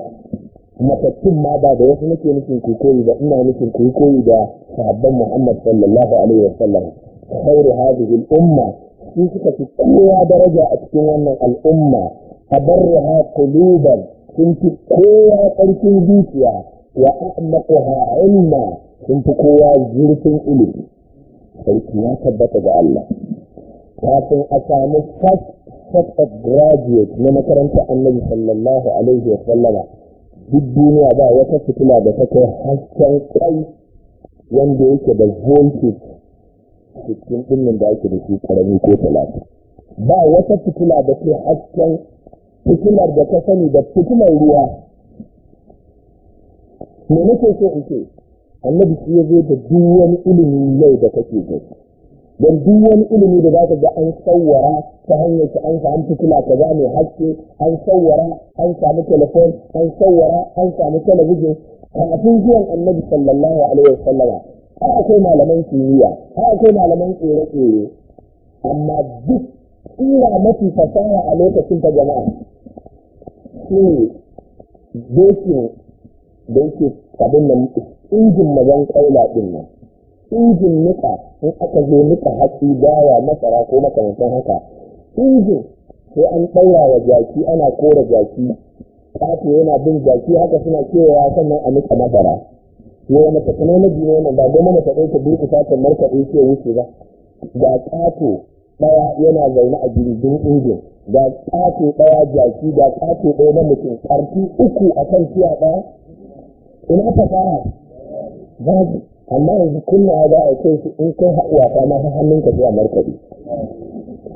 matattun ma ba da wasu nake nufin ku koyi ba ina nufin ku koyi da sahabban muhammad sallallahu alaihi wa sallam khairu hadhihi al-umma su suka fi kowa daraja a cikin wannan al'umma abarraha quluban sun fi kowa ƙarfin zuciya wa a'maquha ilma sun fi kowa zurfin ilimi sarki ya tabbata ga Allah kafin a sami first set of graduate na makarantar annabi sallallahu alaihi wa sallama duk duniya ba wata fitila da ta kai hasken kai wanda yake da voltage cikin ɗin da ake da shi ƙarami ko talata ba wata fitila da ke hasken fitilar da ta sani da fitilar ruwa me nake so in ce annabi shi ya zo da duk wani ilimi yau da kake so don duk wani ilimi da za ka ga an sauwara ta hanyar ta, an samu fitila ta za mai haske an sauwara an samu telefon an sauwara an samu talabijin kafin zuwan annabi sallallahu alaihi wasallama har akwai malaman kimiyya har akwai malaman tsere-tsere amma duk sura mafi fasaha a lokacin ta jama'a shi dokin da yake abin da injin mazan kaula din nan injin nuka in aka zo nika hatsi dawa masara ko makamantan haka injin sai an ɗaura wa jaki ana kora jaki kafe yana bin jaki haka suna kewa sannan a nuka masara yau mace kuma na biyu wannan ba goma mace ɗauka duk ta ta markaɗe ke wuce ba ga ƙato ɗaya yana zaune a jirgin injin ga ƙato ɗaya jaki ga ƙato ɗaya na mutum ƙarfi uku a kan tiya ɗaya ina fasaha babu amma yanzu kunna za a kai su in kai haɗuwa ta ma hannunka zuwa markaɗi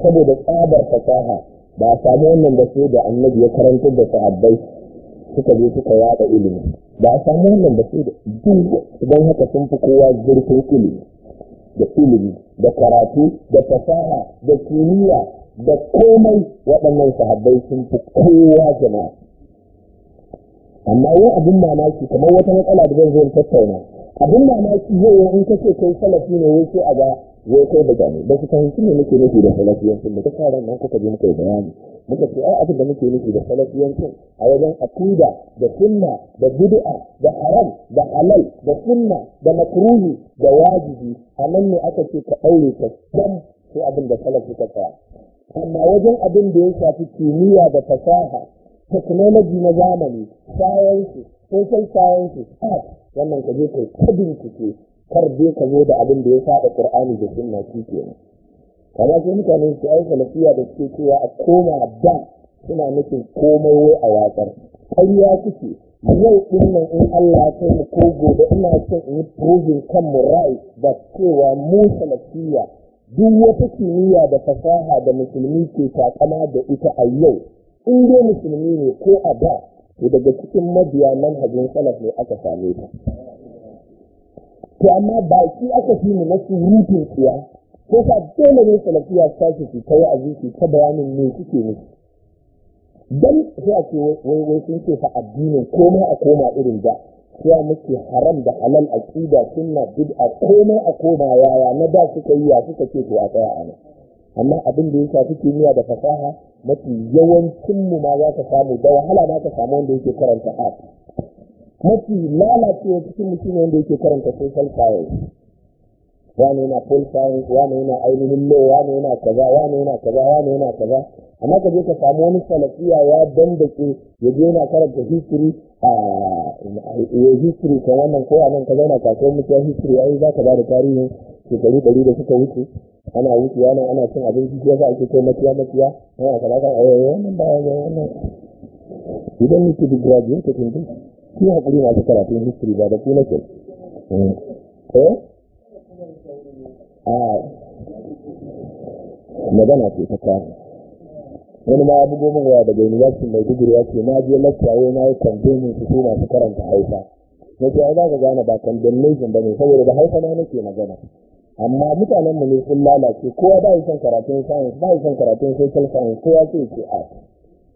saboda tsabar fasaha ba a samu wannan ba sai da annabi ya karantar da sahabbai suka je suka yada ilimi ba a samu wannan ba sai da duk don haka sun fi kowa zurfin ilimi da ilimi da karatu da fasaha da kimiyya da komai waɗannan sahabbai sun fi kowa jama'a amma yin abin mamaki kamar wata matsala da zan zo tattauna abin mamaki zai yi in kace kai salafi ne wai sai a ga ya kai gani ba su fahimci ne muke nufi da sun da ta nan kuka je muka bayani muka ce ai abin da muke nufi da sun, a wajen akida da sunna da bid'a da haram da halal da sunna da makruhi da wajibi a nan ne aka ce ka daure ka san shi abin da salafi ka tsaya amma wajen abin da ya shafi kimiyya da fasaha technology na zamani sayansu sosai sayansu art wannan kaje je kai ka bincike kar je ka zo da abin da ya saɗa qur'ani da sunna shi kenan kamar sai mutane su ai salafiya da suke cewa a koma da suna nufin komai wai a watsar ƙarya suke yau din nan in Allah ya mu ko gobe ina son in yi proving kan mu ra'ayi da cewa mu salafiya duk wata kimiyya da fasaha da musulmi ke takama da ita a yau in dai musulmi ne ko a da to daga cikin mabiya manhajin salaf ne aka same ta to amma ba shi aka fi mu na surutun tsiya ko sa dole ne salafiya ta ke su kai a zuci ta bayanin me suke nufi dan sai a ce wai wai sun ce fa addinin komai a koma irin da sai muke haram da halal aqida sunna bid'a komai a koma yaya na da suka yi ya suka ce to a tsaya ana amma abin da ya shafi kimiyya da fasaha mafi yawancin mu ma za ka samu da wahala za ka samu wanda yake karanta haka mafi lalacewa cikin mutum wanda yake karanta social science wani yana pol science wani yana ainihin law wani yana kaza wani yana kaza wani yana kaza amma ka je ka samu wani salafiya ya dandake ya je yana karanta history a ya history kan wannan ko a nan kaza yana kasuwar mutuwa history ai za ka ba da tarihin shekaru ɗari da suka wuce ana wuce? yana ana cin abinci shi yasa ake kai maciya maciya ana kaza kan ayyana eh, wannan bayan wannan idan mutu da graduate din shi haƙuri masu karatun history ba da kuna ke eh a magana ce ta kawo wani ma ya bugo min waya daga university mai digiri ya ce na je lakta wai na yi kwandomin su su masu karanta haifa. na ce ai za ka gane ba condemnation ba ne saboda da hausa na nake magana amma mutanen mu ne sun lalace kowa ba yi son karatun science ba yi son karatun social science kowa sai ce a.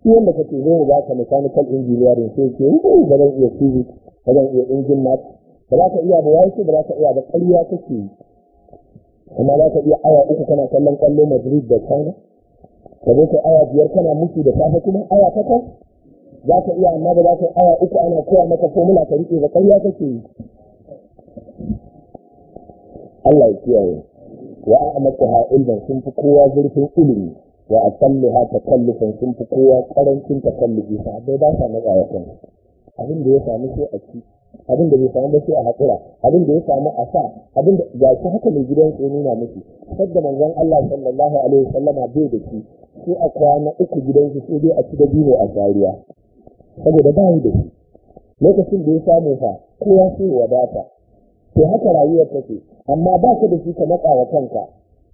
shi wanda kake zo mu baka mechanical engineering sai ke yi ba zan iya physics ba zan iya engine math ba za ka iya ba wai ba za ka iya ba ƙarya kake yi amma za ka iya aya uku kana kallon kallo Madrid da China ka zo kai aya biyar kana musu da safe kuma aya takwas za ka iya amma ba za ka aya uku ana koya maka formula ka rike ba ƙarya kake yi Allah ya kiyaye wa a'amatuha ilman sun fi kowa zurfin ilimi wa akalluha takallufan sun fi kowa karancin sa dai ba sa matsa wa kansu abin da ya samu sai a ci abin da bai samu ba sai a haƙura abin da ya samu a sa abin da ya ci haka mai gidan ya nuna miki sadda manzon Allah sallallahu alaihi wasallama bai da shi sai a kwana uku gidan shi sai dai a ci da a gariya. saboda ba da shi lokacin da ya samu fa kowa sai wadata Sai haka rayuwar take amma ba ka da shi ka matsa wa kanka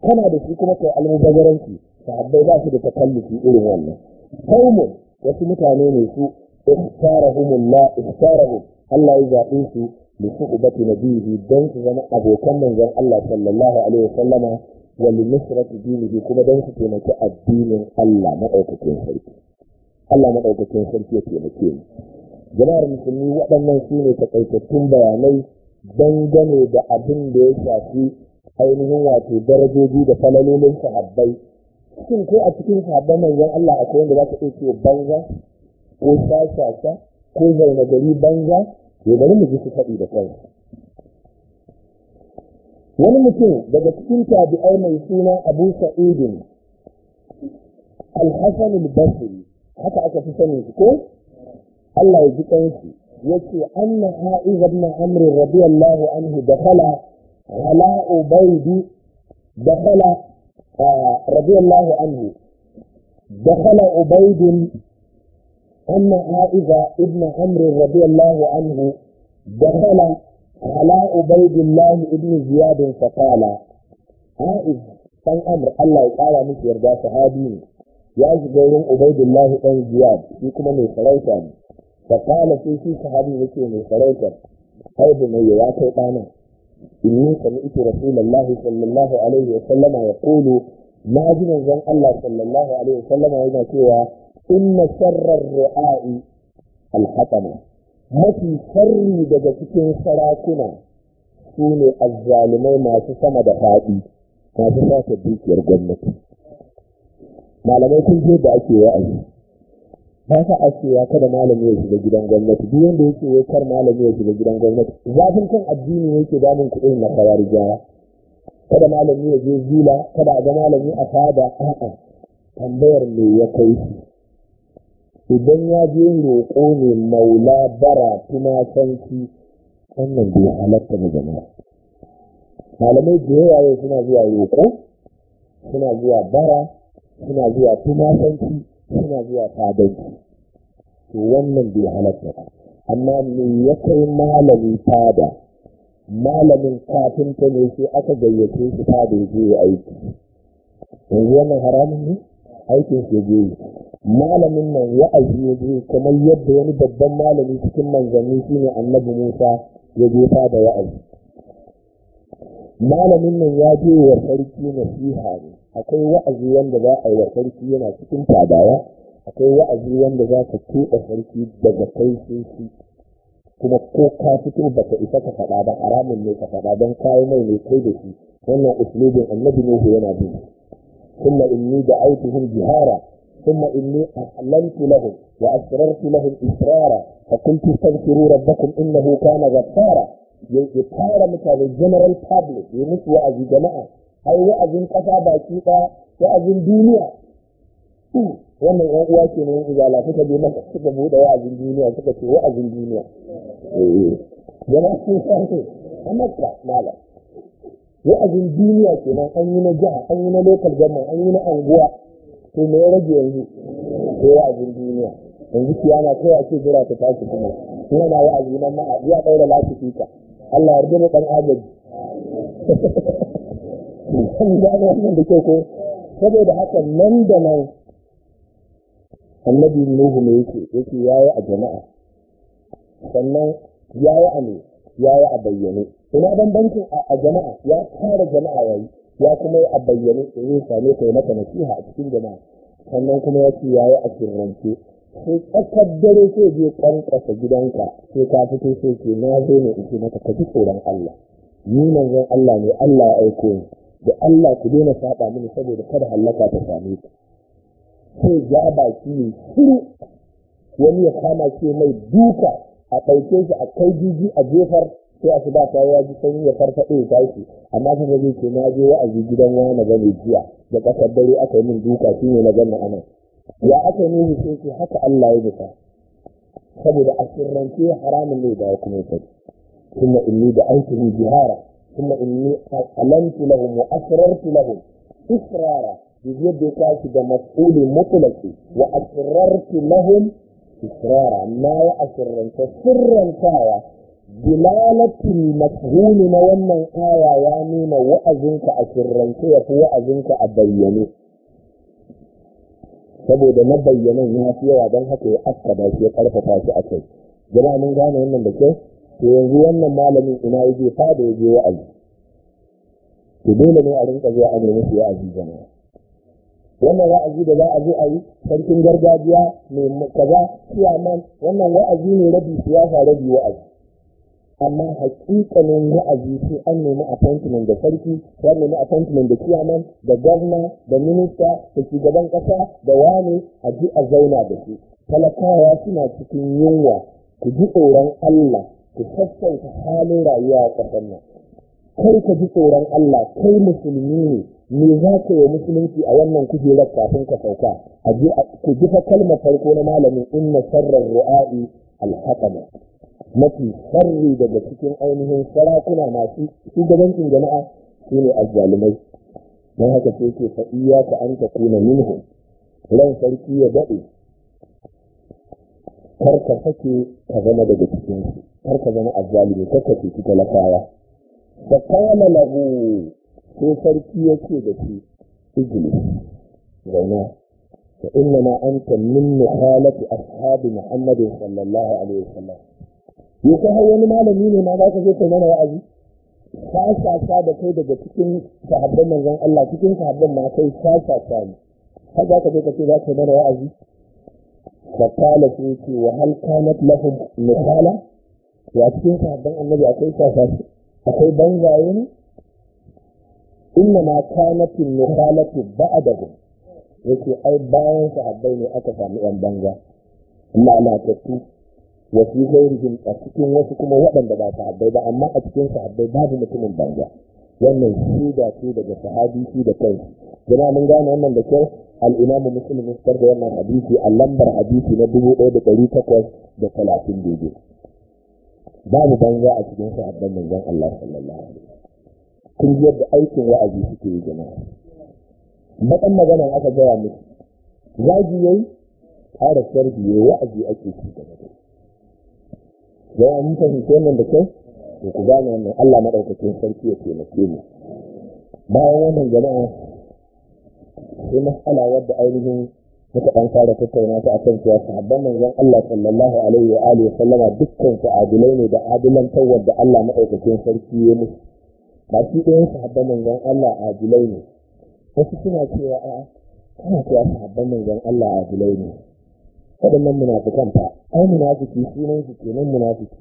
kana da shi kuma kai almubazzaranci sahabbai ba su da takallufi irin wannan qaumun wasu mutane ne su ihtarahumullah ihtarahum Allah ya zaɓinsu su li suhbati nabiyhi dan su zama abokan manzon Allah sallallahu alaihi wasallama wa li nusrati dinihi kuma dan su taimaki addinin Allah madaukakin sarki Allah madaukakin sarki ya taimake mu jama'ar musulmi waɗannan su ne takaitattun bayanai dangane da abin da ya shafi ainihin wato darajoji da falalolin sahabbai cikin ko a cikin mai manzon Allah akwai wanda za ka iya cewa banza ko sasasa, ko zaune gari banza ya bari mu ji su faɗi da kai wani mutum daga cikin tabi'ai mai suna abu sa'idin Alhassan hasan basri haka aka fi sanin shi ko Allah ya ji kanshi yace anna ha'iz ibn amr radiyallahu anhu dakhala على أبيد دخل رضي الله عنه دخل أبيد أن عائذة ابن عمرو رضي الله عنه دخل ɗan amur Allah ya ƙara miki yarda sahabi ne ya shiga wurin ubaidullahi ɗan ziyad shi kuma mai sarauta ne fa sai shi sahabi yake mai sarautar har da mai ya kai ɗanin إني سمعت رسول الله صلى الله عليه وسلم يقول ما أجل زن الله صلى الله عليه وسلم وإذا كوا إن شر الرعاء الحطمة mafi sarri daga cikin sarakuna su ne azzalumai masu sama da faɗi masu sake dukiyar gwamnati malamai kun je da ake wa'azi ba sa ya kada malami ya shiga gidan gwamnati duk wanda yake ya kar malami ya shiga gidan gwamnati zafin kan addini yake damun kuɗin na kawar jawa kada malami ya je zula kada a ga malami a fada a'a tambayar me ya kai shi idan ya je roƙo ne maula bara kuma sanki wannan bai halatta ba jama'a malamai da yawa suna zuwa roƙo suna zuwa bara suna zuwa tumatanci. suna zuwa fadanci to wannan bai halatta ba amma me ya kai malami fada malamin kafinta ne sai aka gayyace shi fada ya je ya aiki yanzu wannan haramun ne aikin shi je yi malamin nan ya ajiye je kamar yadda wani babban malami cikin manzanni shine annabi musa ya je fada ya malamin nan ya je wa sarki nasiha ne akwai wa'azi wanda za a yi wa sarki yana cikin tabaya akwai wa'azi wanda za ka tuɓa sarki daga kai sun shi kuma ko ka fito ba ka isa ka faɗa ba haramun ne ka faɗa don kayi mai ne kai da shi wannan uslubin annabi nuhu yana biyu. kuma in ni da aikihin jihara kuma in ni a halantu lahun wa asirarsu lahun israra fa kuntu tankiru rabbakum innahu kana gaffara ya fara mutane general public ya musu wa'azi jama'a ai wa'azin ƙasa baki ɗaya wa'azin duniya wannan yan uwa ke nan izala suka bi maka suka buɗe wa'azin duniya suka ce wa'azin duniya eh, yana sun sarfe a makka mala wa'azin duniya ke nan an yi na jiha an yi na lokal government an yi na anguwa to me ya rage yanzu ko wa'azin duniya yanzu kiyama kai ce jira ta tashi kuma yana wa'azi nan ma a ɗaura lafi fita Allah ya rubuta ɗan agaji kun gane wannan da kyau ko saboda haka nan da nan annabi nuhu ne yake yake yayi a jama'a sannan yayi a ne yayi a bayyane ina bambancin a jama'a ya fara jama'a yayi ya kuma yi a bayyane zai same kai maka nasiha a cikin jama'a sannan kuma ya ce yayi a sirrance sai tsakar dare sai je kankasa gidanka sai ka fito sai ke na zo ne in ce maka ka ji tsoron Allah ni manzon Allah ne Allah ya aiko ni da Allah ku daina saba mini saboda kada hallaka ta same ka sai ya baki ne shiru wani ya kama ce mai duka a ɗauke shi a kai jiji a jefar sai a shiga ta ya ji sanyi ya farfaɗo ya tashi amma kuma zai ce na je wa'azi gidan wani gane jiya da ƙasar dare aka yi min duka shi ne na ganin anan ya aka yi min hukunci haka Allah ya nufa saboda a sirrance haramun ne da ya kuma sai kuma inni da aikin jihara ثم إني أعلنت لهم وأسررت لهم إسرارا بجد كاش ده مسؤول مطلق وأسررت لهم إسرارا ما أسررت سرا كايا دلالة المفهوم نوانا آية يعني ما وأذنك أسررت يفو وأذنك أبينه saboda na bayyanan ya fi yawa don haka ya aska da shi ya karfafa shi a kai jama'a mun gane wannan da kyau to yanzu wannan malamin ina yake fada ya je wa'azi to dole ne a rinka zuwa a nemi su wa'azi jama'a wannan wa'azi da za a zo a yi sarkin gargajiya mai kaza man wannan wa'azi ne rabi siyasa rabi wa'azi amma hakikanin wa'azi sai an nemi appointment da sarki ya nemi appointment da kiyaman da gwamna da minista da shugaban kasa da wane a ji a zauna da su talakawa suna cikin yunwa ku ji tsoron allah ku sassauta halin rayuwa a ƙasar nan kai ka ji tsoron Allah kai musulmi ne me za ka yi musulunci a wannan kujerar kafin ka sauka a ku ji fa kalmar farko na malamin inna sarrar ru'a'i alhaqama mafi sarri daga cikin ainihin sarakuna masu shugabancin jama'a shine azzalumai don haka sai ke fa iyyaka an takuna minhum ran sarki ya daɗe kar ka sake ka zama daga cikinsu kar ka zama azzalimi kar ka cuci talakawa fa qala lahu sai sarki yake da shi ijli zauna fa inna ma anta min mukhalati ashabi muhammad sallallahu alaihi wasallam yau kai wani malami ne ma za ka je kai mana wa'azi ka sasa da kai daga cikin sahabban manzon Allah cikin sahabban ma kai ka sasa ne har za ka je ka ce za ka mana wa'azi fa qala sai wa hal kanat lahum mukhala wa cikin sahabban annabi akwai shafashi akwai banzaye ne inna ma kanatin nukhalatu ba'dahu yake ai bayan sahabbai ne aka samu yan banza amma ana tattu wa fi ghairihim a cikin wasu kuma waɗanda ba sahabbai ba amma a cikin sahabbai babu mutumin banza wannan shaida ce daga sahabi shi da kai jama'a mun gane wannan da kyau al-imamu muslim ya wannan hadisi a lambar hadisi na dubu ɗaya da ɗari takwas da talatin babu banza a cikin nan manzon Allah sallallahu alaihi wasallam kun ji yadda aikin wa'azi suke yi jama'a bakan maganar aka gaya musu zagi yayi ƙara sarki yayi wa'azi ake ci da mutum yawa mun fahimci nan da kyau to ku gane wannan Allah madaukakin sarki ya taimake mu bayan wannan jama'a sai mas'ala wadda ainihin muka ɗan fara tattauna ta akan cewa sahabban manzon Allah sallallahu alaihi wa alihi sallama dukkan su adilai ne da adilan tawar da Allah madaukakin sarki ya musu ba shi ɗayan sahabban manzon Allah adilai ne wasu suna cewa a kana cewa sahabban manzon Allah adilai ne Kada nan muna munafikan fa ai munafiki sunan su kenan munafiki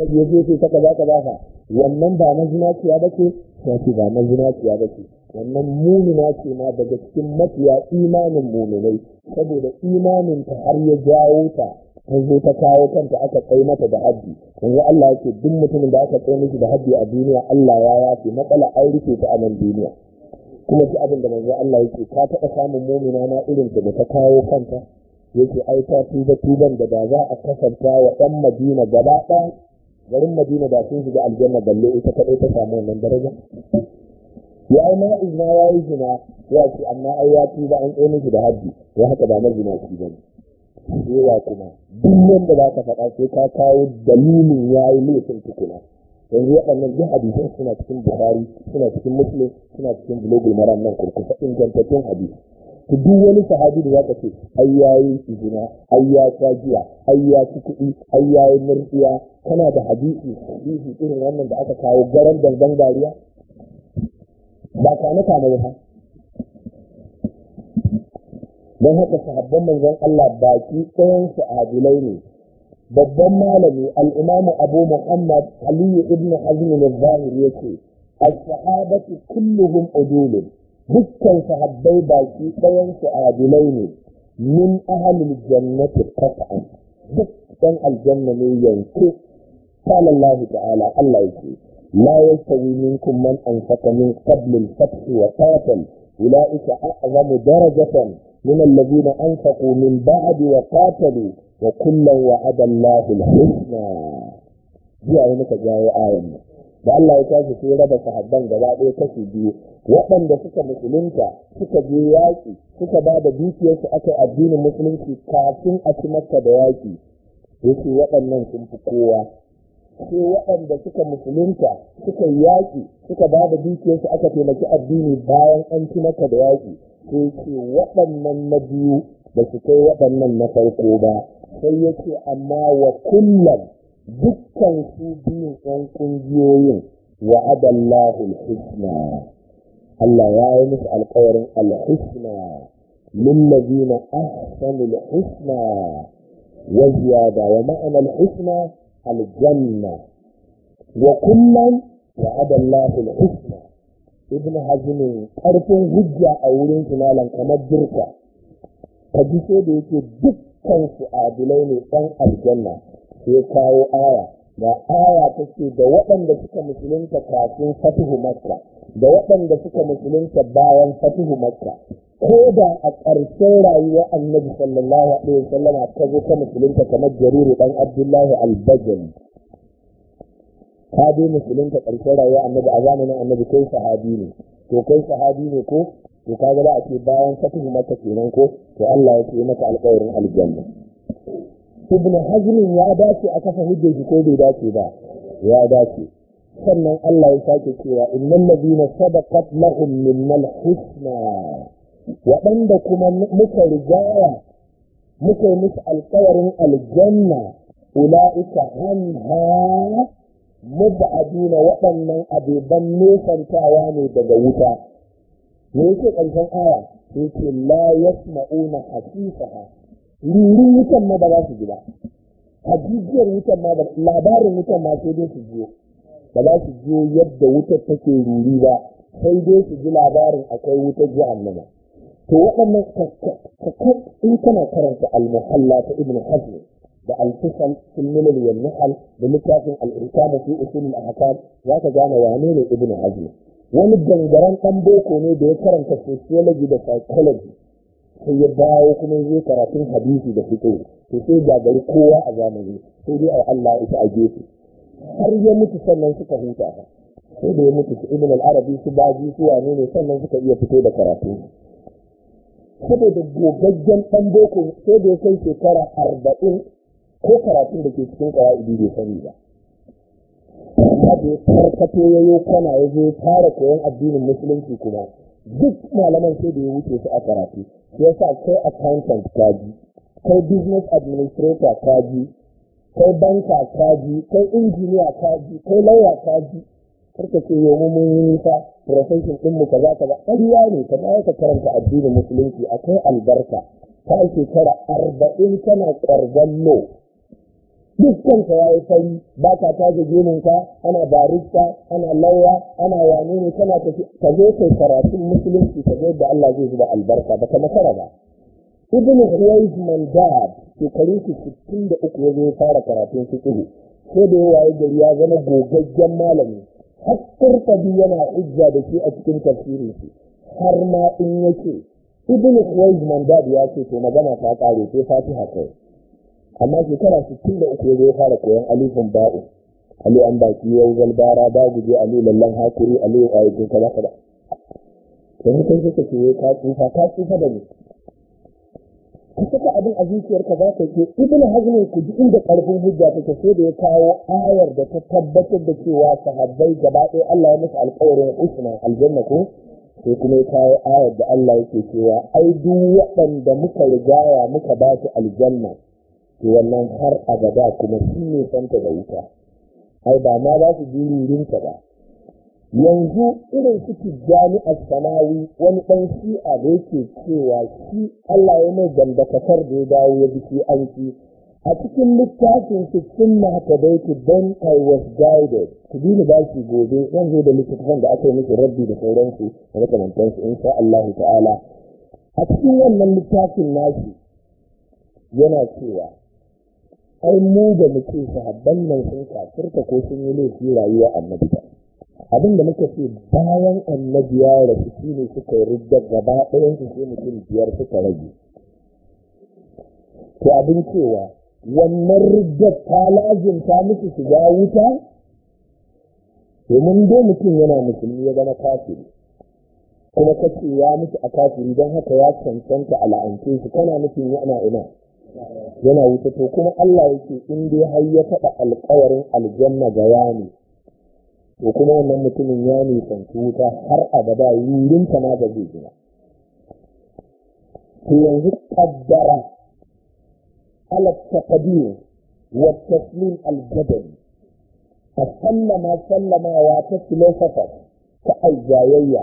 na biyu sai kaza kaza fa wannan ba na mazinaciya bace sai ba na mazinaciya bace wannan mumina ce ma daga cikin mafiya imanin muminai saboda imanin ta har ya jawo ta ta zo ta kawo kanta aka tsaye mata da haddi yanzu Allah yake duk mutumin da aka tsaye mishi da haddi a duniya Allah ya yafe matsala an rufe ta a nan duniya kuma ji abin da manzo Allah yake ka taɓa samun mumina na irin ta da ta kawo kanta yake ai ta tuba tuban da ba za a kasanta wa ɗan Madina gaba ɗaya garin Madina da sun shiga aljanna balle ita kaɗai ta samu wannan daraja ya ai na izina ya yi zina ya ce amma ai ya ba an tsaye shi da hajji ya haka ba na zina shi ba yawa kuma duk wanda za ka faɗa sai ka kawo dalilin ya yi laifin tukuna yanzu waɗannan duk hadisan suna cikin buhari suna cikin muslim suna cikin global maran nan kurkusa ingantattun hadisi ku duk wani sahabi da zaka ce ai yayi izina ai ya ta giya ai ya ci kuɗi ai yayi murdiya kana da hadisi hadisi irin wannan da aka kawo garan dangan dariya ba kwanuka da wuta don haka sahabban manzon Allah baki ɗayan su adilai ne babban malami al Abu Muhammad Aliyu ibn Hazm al ya ce as-sahabatu kulluhum udul dukkan sahabbai baki ɗayan su adilai ne min ahlil jannati qat'an duk ɗan aljanna ne yanke qala ta'ala Allah ce. لا يستوي منكم من أنفق من قبل الفتح وقاتل أولئك أعظم درجة من الذين أنفقوا من بعد وقاتلوا وكلا وعد الله الحسنى دي أين تجاوي آية da Allah ya tashi sai raba sahabban gaba ɗaya kashi biyu waɗanda suka musulunta suka je yaƙi suka ba da dukiyarsu aka addinin musulunci kafin a ci makka da yaƙi yace waɗannan sun fi kowa ko waɗanda suka musulunta suka yaƙi suka ba da dukiyarsu aka taimaki addini bayan an ci maka da yaƙi sai ce waɗannan na biyu ba su kai waɗannan na farko ba sai ya ce amma wa kullum dukkan su biyun ɗan ƙungiyoyin wa adallahu husna Allah ya yi musu alƙawarin alhusna lillazina ahsanu alhusna wa ziyada wa ma'ana alhusna aljanna wa kullum wa adallahu al-husna ibn Hazmin karfin hujja a wurin kinalan kamar birka ka ji sai da yake dukkan su adilai ne dan aljanna sai kawo aya da aya ta ce da waɗanda suka musulunta kafin fatihu makka da waɗanda suka musulunta bayan fatihu makka ko da a ƙarshen rayuwar annabi sallallahu alaihi wasallam ta zo ta musulunta kamar jariri dan abdullahi albajan. ka bi musulunta ƙarshen rayuwar annabi a zamanin annabi kai sahabi ne to kai sahabi ne ko to ka ga a ce bayan ka tuhu maka kenan ko to Allah ya ce maka alƙawarin aljanna ibn Hazmin ya dace a kafa hujjoji ko bai dace ba ya dace sannan Allah ya sake cewa innal na sabaqat lahum min al-husna waɗanda kuma muka rigaya muka yi musu alkawarin aljanna ula'ika an ha mudda adina waɗannan abubuwan nesantawa ne daga wuta me yake ƙarshen aya yake la yasma'una hasisaha Rurin wutan ma ba za su ji ba hajijiyar wutan ma ba labarin wutan ma sai dai su jiyo ba za su jiyo yadda wutar take ruri ba sai dai su ji labarin akwai wutar jihannama to waɗannan kakak in kana karanta al-muhalla ta ibn hazm da al-fisal sun milal wal da littafin al da fi usul al-ahkam za ka gane wane ne ibn hazm wani gangaren ɗan boko ne da ya karanta sociology da psychology sai ya dawo kuma zai karatun hadisi da fito. to sai gagari kowa a zamani sai dai ai Allah ita a gefe har ya mutu sannan suka huta sai da ya mutu su ibn al-arabi su baji su wane ne sannan suka iya fito da karatu saboda gogaggen ɗan boko sai da ya kai shekara arba'in ko karatun da ke cikin idu bai sani ba amma da ya karkato ya yi kwana ya zo tara koyon addinin musulunci kuma duk malaman sai da ya wuce su a karatu ya sa kai accountant kaji kai business administrator kaji kai banka kaji kai injiniya kaji kai lauya kaji karka ce yau mu mun yi nisa profession din mu kaza kaza ƙarya ne ka ba ka karanta addinin musulunci akwai albarka ta shekara arba'in tana ƙwargan lo dukkan ka yayi sai ba ka taje gemun ka ana barista ana lauya ana wani ne kana tafi ka zo kai karatun musulunci ka zo da Allah zai zuba albarka ba ka makara ba ibn Huwayf Mandab shekaru 63 ya zo fara karatun fiqh sai da yawa ya gari ya zama gogaggen malami har bi yana hujja da shi a cikin tafsirin shi har ma in yake ibn khuwayz mandad ya ce to magana ta kare sai fatiha kai amma shekara 63 da uku zai fara koyon alifin ba'u ali an baki ya wugal galbara ba guje ali lallan hakuri ali a yake kaza kaza to mutum suka ce ka tsufa ka tsufa da ni ka saka abin a ka za ka ce ibn hazmin ku ji inda karfin hujja take sai da ya kawo ayar da ta tabbatar da cewa sahabbai gaba ɗaya Allah ya musu alƙawarin usna aljanna ko sai kuma ya kawo ayar da Allah yake cewa ai duk waɗanda muka rigaya muka ba su aljanna to wannan har abada kuma shi ne santa da wuta ai ba ma za su ji rurinka ba yanzu irin su jami a samawi wani ɗan shi'a da yake cewa shi Allah ya mai dambakatar da ya dawo ya biki an ci a cikin littafin su haka ta daiki don I was guided ku bi ni gobe zan zo da littafin da aka yi miki rabbi da sauransu da makamantansu insha Allah ta'ala a cikin wannan littafin nashi yana cewa ai mu da muke sahabban nan sun kafirta ko sun yi laifi rayuwa annabi ba abin da muka ce bayan annabi ya rasu shi ne suka yi gaba ɗayan su mutum biyar suka rage to abin cewa wannan riddar ta lazimta musu shiga wuta domin dai mutum yana musulmi ya zama kafiri kuma ka ce ya mutu a kafiri don haka ya cancanta al'ance shi kana mutum yana ina yana wuta to kuma Allah yake in dai har ya faɗa alƙawarin aljanna ga yani ko kuma wannan mutumin ya nisanci wuta har abada yurin ta ma ba zai gina to yanzu kaddara ala taqdir wa taslim al-jadali sallama sallamawa ta filosofa ta aljayayya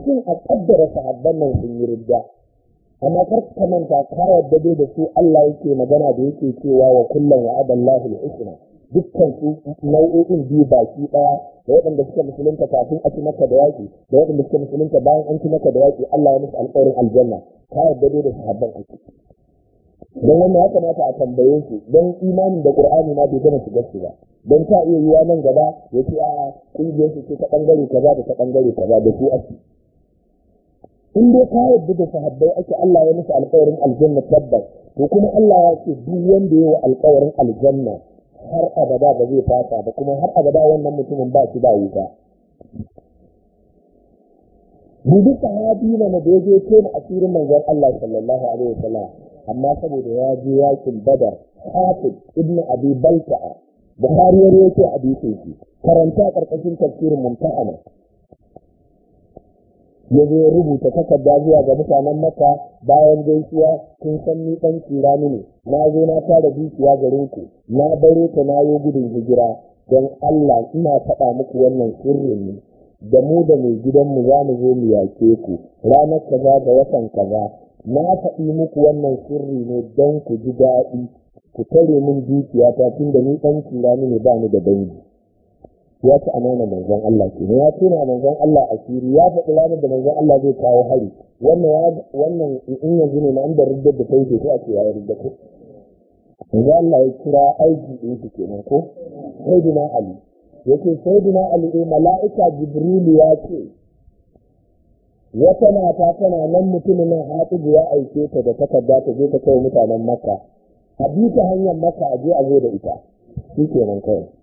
sun a kaddara sahabban nan sun yi ridda amma kar ka manta ka da su Allah yake magana da yake cewa wa kullum wa adallahu al-husna dukkan su nau'o'in biyu baki ɗaya da waɗanda suka musulunta kafin a ci maka da yaƙi da waɗanda suka musulunta bayan an ci maka da yaƙi Allah ya musu alƙawarin aljanna ka yarda da sahabban aiki don wannan ya kamata a tambaye su don imanin da qur'ani ma bai gama shiga su ba don ta iya yiwa nan gaba ya ce a ƙungiyar su ce ta ɓangare kaza da ta ɓangare kaza da su aiki in dai ka yarda da sahabbai ake Allah ya musu alƙawarin aljanna tabbas to kuma Allah ya ce duk wanda ya wa alƙawarin aljanna har abada ba zai fata ba kuma har abada wannan mutumin ba shi ba wuta Bibi sahabi na da ya je asirin manzon Allah sallallahu alaihi amma saboda ya je yakin badar hafiz ibn abi balta'a bukhari ya rawaito hadisi karanta karkashin tafsirin mumtahana ya zo ya rubuta takarda zuwa ga mutanen maka bayan gaisuwa kun san ni ɗan kira na zo na tara dukiya garin ku na bare ta na yi gudun hijira don Allah ina faɗa muku wannan sirrin ne da mu da mai gidanmu za mu zo mu yake ku ranar kaza da watan kaza na faɗi muku wannan sirri ne don ku ji daɗi ku tare min dukiya ta tun da ni ɗan kira ne ba ni da dangi ya ci amana manzon Allah ke ya tuna manzon Allah a shiri ya faɗi ranar da manzon Allah zai kawo hari wannan wannan in yanzu ne na inda riddar da kai sai a ce ya riddar ku manzon Allah ya kira aiki din su kenan ko sayyidina Ali Ya yace sayyidina Ali eh mala'ika Jibrilu ya ce wata mata tana nan mutumin nan hatibu ya aike ta da takarda ta je ta kai mutanen Makka a bi ta hanyar Makka a je a zo da ita shi kenan kawai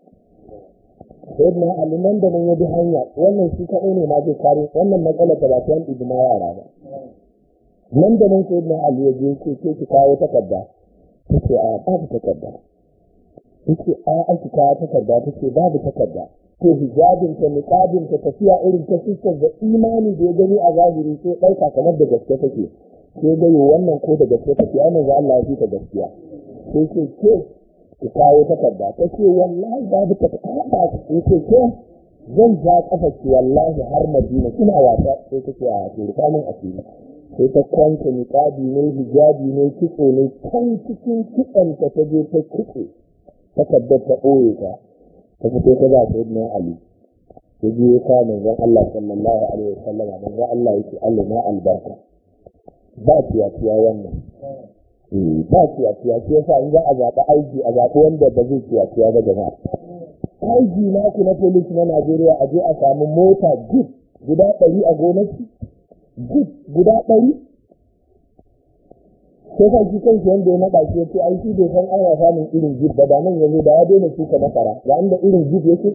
sayyidina ali nan da nan yi bi hanya wannan shi kaɗai ne ma zai kare wannan matsala ta ba ta yanki yara ba nan da nan sayyidina ali ya je ke ke ki kawo takarda take a babu takarda take a aiki kawo takarda ce babu takarda ko hijabin ta niqabin ta tafiya irin ta fitar da imani da ya gani a zahiri sai ɗauka kamar da gaske take sai dai wannan ko da gaske take ai manzo Allah ya fi ta gaskiya sai ce ke ku kawo takarda ta ce wallahi ba babu ta kafa in ce ke zan ja kafa ki wallahi har madina kina wasa sai ta ce a turka min a fili sai ta kwanta niqabi ne hijabi ne kitso ne kan cikin kitson ta ta je ta kitse takarda ta ɓoye ta ta fito ta ba sayyidina ali ta je ya kawo zan Allah sallallahu alaihi wasallam manzon Allah yake Allah na albarka ba ciya ciya wannan Eh, ba ciyaciya ke yasa in za a zaɓi aiki a zaɓi wanda ba zai ciyaciya ba jama'a aiki na ku na polis na najeriya a je a samu mota jeep guda ɗari a gonaki jeep guda ɗari sai ka shi shi wanda ya naɗa shi ya ce ai shi bai san ana samun irin jib ba da nan yanzu da ya daina shuka masara ga inda irin ya yake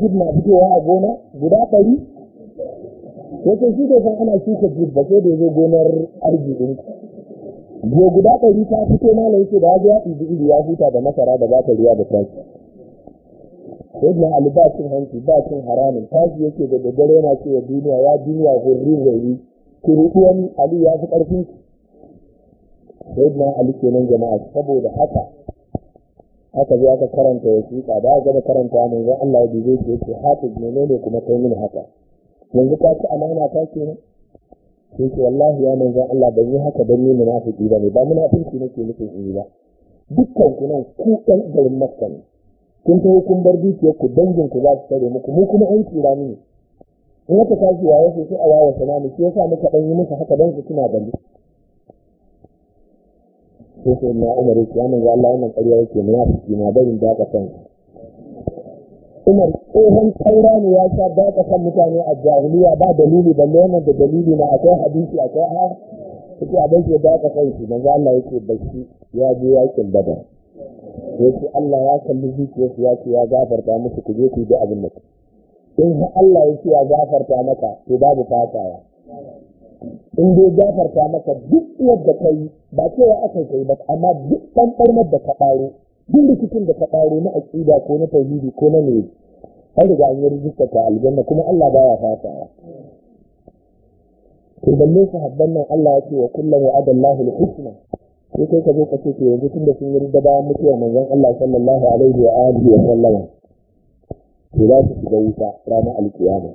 jib na fitowa a gona guda ɗari ya shi bai san ana shuka jib ba sai da ya zo gonar arziki go guda ɗari ta fito mana yake da ya ibi iri ya huta da masara da bata ruwa da tashi sai na ali ba hanci ba cin haramin tashi yake da daddare yana cewa duniya ya duniya hurri hurri wani ali ya fi ƙarfin sai na ali kenan jama'a saboda haka haka zai aka karanta wasiƙa da aka karanta ne zan Allah ya dube shi yake hafiz menene kuma kai min haka yanzu ka ci amana ta kenan sai ce wallahi ya manzan Allah ban yi haka don yi munafiki ba ne ba munafiki na nufin in yi ba dukkan ku nan ku ɗan garin makka ne kun taho kun bar dukiyar ku dangin ku za su tare muku mu kuma an kira ni ne in aka tashi waye sai sai a waye sana mu shi yasa muka ɗan yi musu haka dan su suna gani sai sai na umar ya manzan Allah wannan ƙarya yake munafiki na barin da aka san umar tsohon kaura ne ya sha ka kan mutane a jahiliya ba dalili balle wannan da dalili na akwai hadisi akwai ha yake a bai ke baka kan shi manzo Allah yake bashi ya je yakin Ya yake Allah ya kalli zuciyarsu ya ce ya gafarta musu ku je ku yi abin da in ha Allah yake ya gafarta maka to babu fatawa in dai gafarta maka duk yadda kai ba cewa aka kai ba amma duk ɗan da ka ɓaro duk rikicin da ka ɓaro na aƙida ko na tauhidi ko na ne an riga an yi rijista ta aljanna kuma Allah baya fasawa to balle su habban nan Allah ya ce wa kullum wa Allahu al-husna sai kai ka zo ka ce ke yanzu tun da sun yi da bayan manzon Allah sallallahu alaihi wa alihi wa sallama to za su shiga wuta ranar alkiyama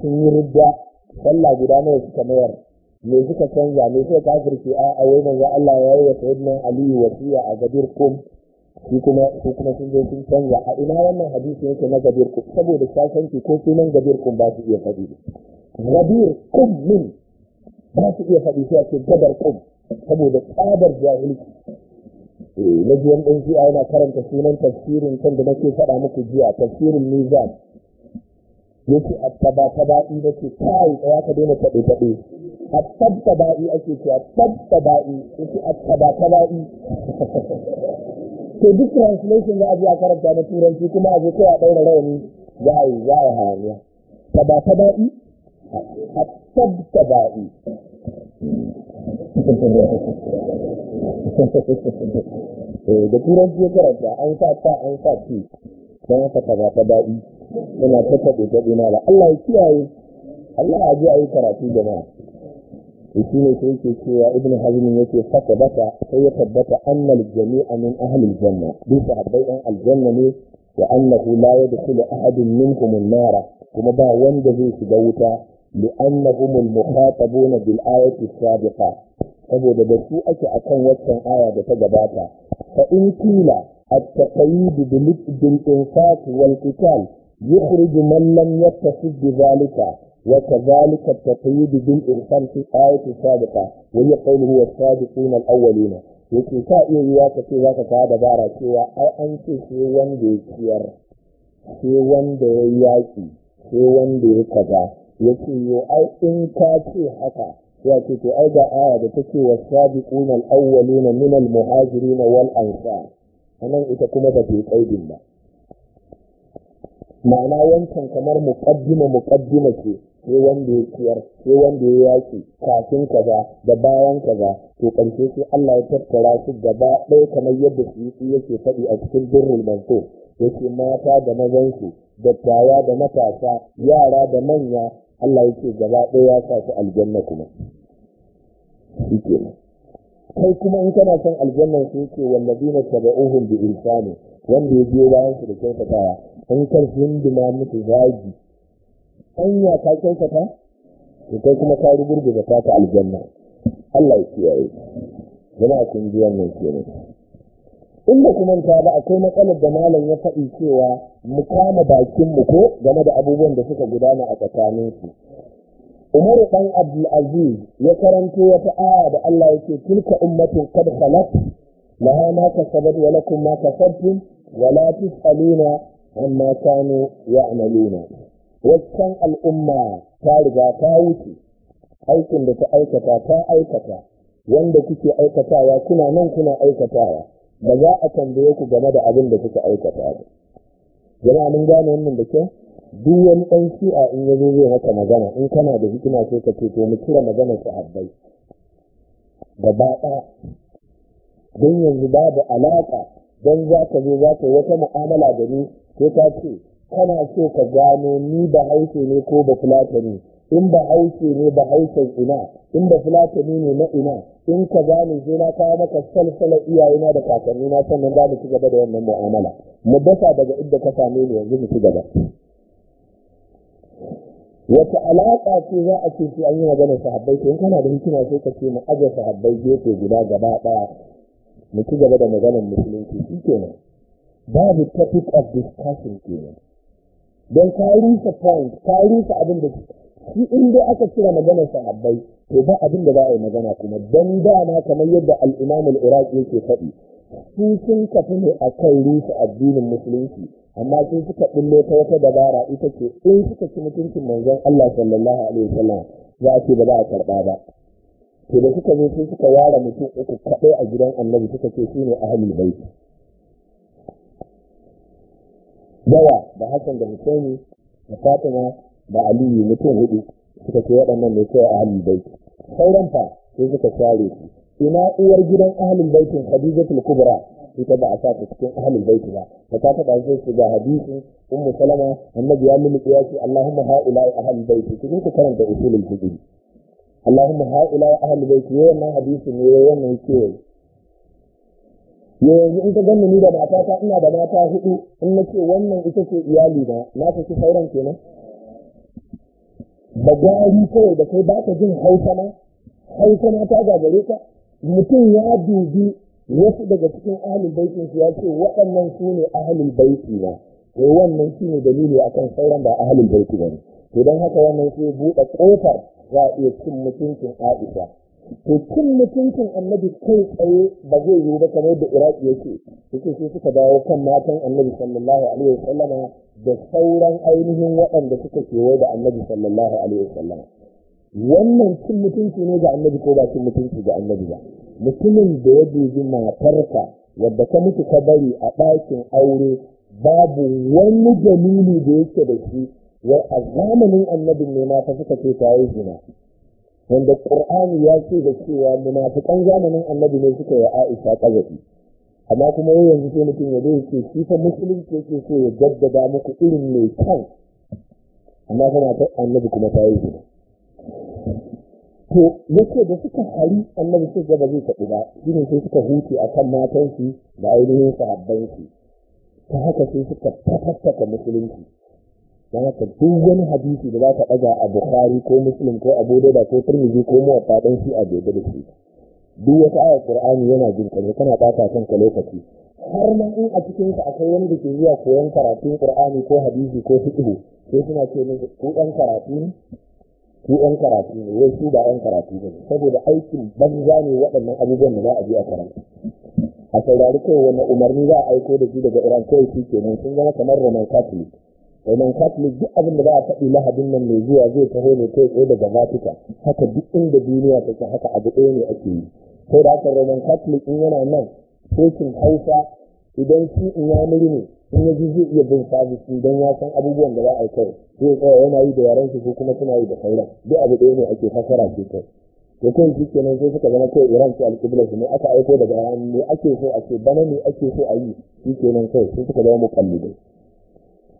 sun yi ridda sallah guda nawa suka mayar me suka canza me suka ka a a wai manzo Allah ya yi wa sayyidina Ali wasiya a gadir kum shi kuma su kuma sun zo sun canza a ina wannan hadisi yake na gadir kum saboda ki ko sunan gadir kum ba su iya faɗi gadir kum min ba su iya faɗi sai ake ce gadar kum saboda tsabar jahilci eh, na biyan ɗan jiya yana karanta sunan tafsirin kan da nake faɗa muku jiya tafsirin mizan yake a taba taba ɗi nake kai tsaya ka daina faɗe-faɗe a tattaba'i ake a duk translation za a a karanta na turanci kuma a je kai a eh, da turanci ya karanta an sa an sa ci don haka tattaɓe ta Allah ya kiyaye Allah a yi karatu jama'a shi ne sai yake cewa ibn hazmin yake saka bata sai ya tabbata annal jami'a min ahli aljanna duk sahabbai ɗan aljanna ne wa annahu la yadkhulu ahadun minhum an-nara kuma ba wanda zai shiga wuta li'annahum al-mukhatabuna bil ayati sabiqa saboda da su ake akan waccan aya da ta gabata fa in kila at-taqayyid bil insaf wal qital yukhrij man lam yattasib bi dhalika وكذلك التقييد بالإنسان في آية سابقة وهي قوله والسابقون الأولين yake sa iya yiwa ka ce za ka kawo dabara cewa ai an ce wanda ya ciyar sai wanda ya yaƙi sai wanda ya kaza ya ce yo ai in ka ce haka ya ce to ai ga aya da take wa sabiquna al-awwaluna min al-muhajirin wal ansar anan ita kuma ba ta kaidin ba ma'ana wancan kamar muqaddima muqaddima ce sai wanda ya ciyar sai wanda ya yaki kafin kaza da bayan kaza to ƙarshe sai Allah ya tattara su gaba ɗaya kamar yadda su yi yake faɗi a cikin birrul ya yake mata da mazansu dattawa da matasa yara da manya Allah yake gaba ɗaya ya sa su aljanna kuma kai kuma in kana son aljannan su yake wallazina taba'uhum bi ne wanda ya biyo bayan su da kyautatawa in karfin sun dima musu zagi hanya ka kyautata to kai kuma ka da ta ta aljanna Allah ya kiyaye jama'a kun ji wannan kenan in ba kuma ta ba akwai matsalar da malam ya faɗi cewa mu kama bakin mu ko game da abubuwan da suka gudana a tsakanin su Umaru dan Abdulaziz ya karanto wata aya da Allah yake tilka ummatin qad khalat laha ma kasabat wa lakum ma kasabtum wa la tusaluna amma kanu ya'maluna waccan al'umma ta riga ta wuce aikin da ta aikata ta aikata wanda kuke aikatawa kuna nan kuna aikatawa ba za a tambaye ku game da abin da kuka aikata ba jama'a mun gane wannan da kyau duk wani ɗan shi'a in ya zo zai maka magana in kana da hikima sai ka ce to mu kira magana sahabbai gaba ɗaya don yanzu babu alaƙa don za ka zo za ka wata mu'amala da ni sai ta ce kana so ka gano ni ba haife ne ko ba fulatani in ba haife ne ba haifen ina in ba fulata ne na ina in ka gane sai na kawo maka salsala iyayena da kakannina sannan za mu ci gaba da wannan mu'amala mu dasa daga inda ka same ni yanzu mu ci gaba wata alaƙa ce za a ce sai an yi magana sahabbai to in kana da hikima sai ka ce mu aje sahabbai gefe guda gaba ɗaya mu ci gaba da maganar musulunci shi kenan babu topic of discussion kenan don ka rusa point ka rusa abin da shi in dai aka cire maganar sahabbai to ba abin da za a yi magana kuma don dama kamar yadda al-imam al-iraqi yake faɗi su sun kafi ne a kan rusa addinin musulunci amma sun suka bullo ta wata dabara ita ce in suka ci mutuncin manzon Allah sallallahu alaihi wasallam za a ce ba za a karɓa ba to da suka zo sai suka ware mutum uku kaɗai a gidan annabi suka ce su ne ahlul bait yawa da hassan da husaini da fatima da aliyu mutum hudu suka ce waɗannan ne a ahalin baiti sauran fa sai suka share su ina uwar gidan ahalin baitin khadijatul kubra ita ba a sa cikin ahalin baiti ba ta ta faɗa sai su ga hadisi ummu salama annabi ya lulluɓe ya ce allahumma ha'ila ahalin baiti ku ku karanta usulul fiqh allahumma ha'ila ahalin baiti wannan hadisi ne wannan kewaye ne yanzu in ka ganni ni da matata ina da mata hudu in na ce wannan ita ce iyali na na ta ci sauran kenan nan bagari kawai da kai baka jin hausa ma hausa ma ta gagare ka mutum ya dubi wasu daga cikin ahalin baitin su ya ce waɗannan su ne ahalin baiti ba. wai eh, wannan shi ne dalili akan sauran ba ahalin baiti ba ne to don haka wannan sai buɗe ƙofar za a iya cin mutuncin aisha to mutuncin annabi kai tsaye ba zai yi ba kamar da iraki yake yake sai suka dawo kan matan annabi sallallahu alaihi wasallama da sauran ainihin waɗanda suka kewaye da annabi sallallahu alaihi wasallama wannan cin mutunci ne ga annabi ko ba cin mutunci ga annabi ba mutumin da ya dubi matarka wadda ka mutu ka bari a ɗakin aure babu wani dalili da yake da shi wai a zamanin annabin ne mata suka ce ta yi wanda ƙur'ani ya ce da cewa munafikan zamanin annabi ne suka yi aisha ƙazafi amma kuma yau yanzu sai mutum ya zai ce shi fa musulunci yake so ya jaddada muku irin mai kan. amma kuma ta annabi kuma ta yi zina to yake da suka hari annabi sai gaba zai taɓi ba shi ne sai suka huce a kan matansu da ainihin sahabbansu ta haka sai suka fatattaka musulunci don haka duk wani hadisi da za ka ɗaga a bukhari ko muslim ko abu da ko turmiji ko muwatta ɗan shi a bebe da shi duk wata ayar qur'ani yana jin ka ne kana ɓata ka lokaci har ma in a cikin ka akwai wani da ke zuwa koyon karatun Kur'ani ko hadisi ko fiqh sai suna ce min ku ɗan karatu ne ku ɗan karatu ne wai su ba ɗan karatu ne saboda aikin banza ne waɗannan abubuwan da za a je a karanta a saurari kai umarni za a aiko da shi daga iran kawai shi kenan sun zama kamar roman catholic wannan Catholic duk abin da za a faɗi lahadin nan mai zuwa zai taho ne kai tsaye daga Vatican haka duk inda duniya ta ce haka abu ɗaya ne ake yi sai da haka Roman Catholic in yana nan cikin Hausa idan shi in ya muri in ya ji zai iya bin sabis idan ya san abubuwan da za a kai zai tsaya yana yi da shi ko kuma suna yi da sauran duk abu ɗaya ne ake fasara ke kai to kai shi kenan sai suka zama kai Iran ce alƙibla su ne aka aiko daga Iran ne ake so a ce bana ne ake so a yi shi kenan kai sai suka zama muƙallidai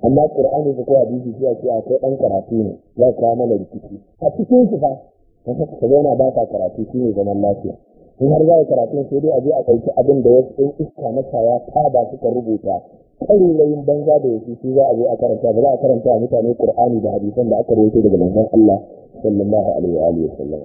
amma qur'ani ko hadisi sai ce a kai dan karatu ne ya kawo mana rikici a cikin su fa kan ka zauna ba ka karatu ne zaman lafiya in har zai karatu sai dai a je a ɗauki abin da wasu ɗan iska masaya ta ba suka rubuta ƙarilayin banza da yake shi za a je a karanta ba za a karanta a mutane qur'ani da hadisan da aka rubuta daga manzon Allah sallallahu alaihi wa alihi wasallam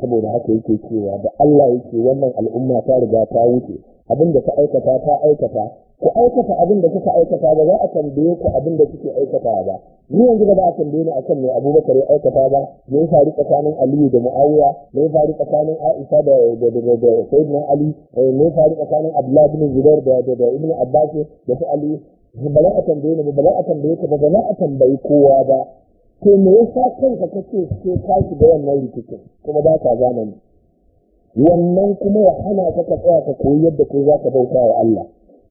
saboda haka yake cewa da Allah yake wannan al'umma ta riga ta wuce abin da ka aikata ta aikata ku aikata abin da kuka aikata ba za a tambaye ku abin da kuke aikata ba ni yanzu ba za a tambaye ni akan me Abubakar ya aikata ba me ya faru tsakanin Aliyu da Muawiya me ya faru tsakanin Aisha da da da da Sayyidina Ali eh, me ya faru tsakanin Abdullah bin Zubair da da da Ibn Abbas da su Ali ba za a tambaye ni ba za a tambaye ka ba za a tambayi kowa ba to me yasa kanka kake sai ka shiga wannan rikicin kuma ba ka zamani wannan kuma ya hana ka ka tsaya ka koyi yadda kai za ka bauta wa Allah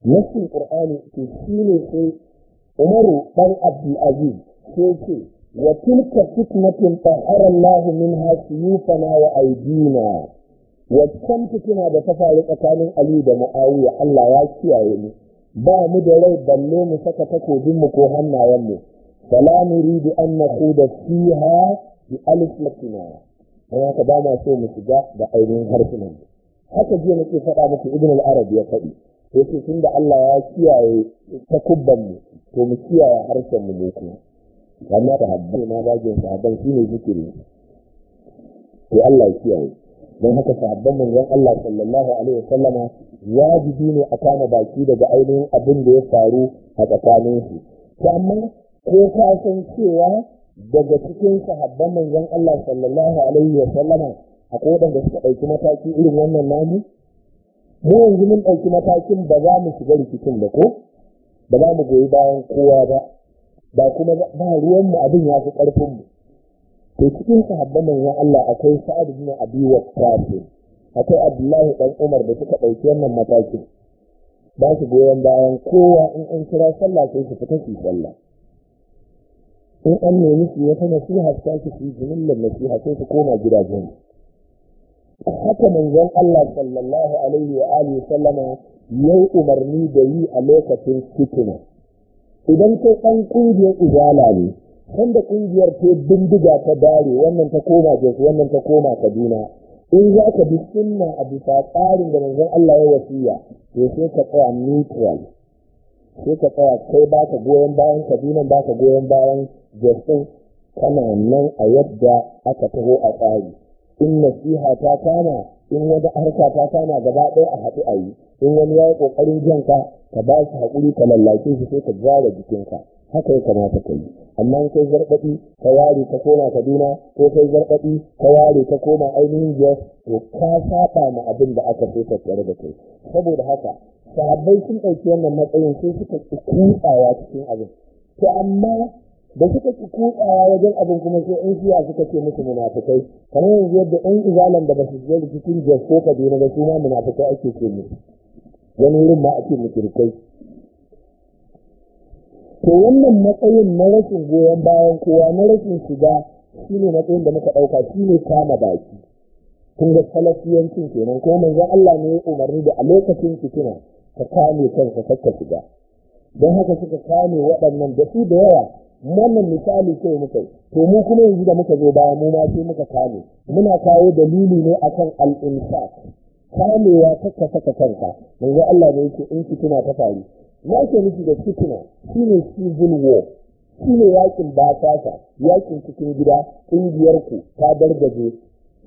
nassin qur'ani ke shine sai umaru dan abdul aziz sai ce wa tilka fitnatun tahara Allah minha suyufana wa aydina waccan fitina da ta faru tsakanin Ali da Muawiya Allah ya kiyaye mu ba mu da rai balle mu saka takobin mu ko hannayen mu salamu ridu an naquda fiha bi alif latina don haka ba ma so mu shiga da ainihin harsunan haka jiya nake faɗa muku ibn al-arab ya faɗi yace tunda Allah ya kiyaye takubban mu to mu kiyaye harshen mu ne wannan da habbi na bajin sahabban shine zikiri to Allah ya kiyaye don haka sahabban manzon Allah sallallahu alaihi wasallama wajibi ne a kama baki daga ainihin abin da ya faru a tsakanin su ko ka san cewa daga cikin sahabban manzon Allah sallallahu alaihi wa sallama akwai suka ɗauki mataki irin wannan namu mu yanzu mun ɗauki matakin ba za mu shiga rikicin da ko ba za mu goyi bayan kowa ba ba kuma ba ruwanmu abin ya fi mu to cikin sahabban manzon Allah akwai sa'ad bin abi waqqas akwai abdullahi dan umar da suka ɗauki wannan matakin ba su goyon bayan kowa in an kira sallah sai su fita su sallah in an nemi su wata nasiha ta ki su jimillar nasiha sai su koma gidajen haka manzon Allah sallallahu alaihi wa alihi sallama yayi umarni da yi a lokacin fitina idan kai ɗan ƙungiyar izala ne sanda ƙungiyar ta bindiga ta dare wannan ta koma Jesu, wannan ta koma kaduna in za ka bi sunna a bisa tsarin da manzon Allah ya wasiya to sai ka tsaya neutral sai ka tsaya kai ba ka goyon bayan kabilan ba ka goyon bayan jesu kana nan a yadda aka taho a tsari in nasiha ta kama in wani harka ta kama gaba ɗaya a haɗu a yi in wani ya yi ƙoƙarin janka ka ba shi haƙuri ka lallace shi sai ka gyara jikinka haka ya kamata ka yi amma in kai zarɓaɗi ka ware ka koma kaduna ko kai zarɓaɗi ka ware ka koma ainihin jos to ka saɓa ma abin da aka so tsare da kai saboda haka sahabbai sun ɗauki wannan matsayin sai suka ƙi kutsawa cikin abin to amma da suka ƙi wajen abin kuma sai in shiya suka ce musu munafukai kamar yanzu yadda ɗan izalan da ba su je cikin jos ko kaduna ba su ma munafukai ake ce mu wani wurin ma ake mutirkai to wannan matsayin na rashin goyon bayan kowa na rashin shiga shine matsayin da muka ɗauka shine kama baki kun ga salafiyancin kenan ko manzon Allah ne ya umarni da a lokacin fitina ka kame kanka kakka shiga don haka suka kame waɗannan da su da yawa wannan misali sai muka to mu kuma yanzu da muka zo baya mu ma sai muka kame muna kawo dalili ne akan al-insaf kamewa kakka saka kanka yanzu Allah ne yake in Kuna ta faru Na ke nufi da fitina shine civil war shine yakin basasa yakin cikin gida ku, ta dargaje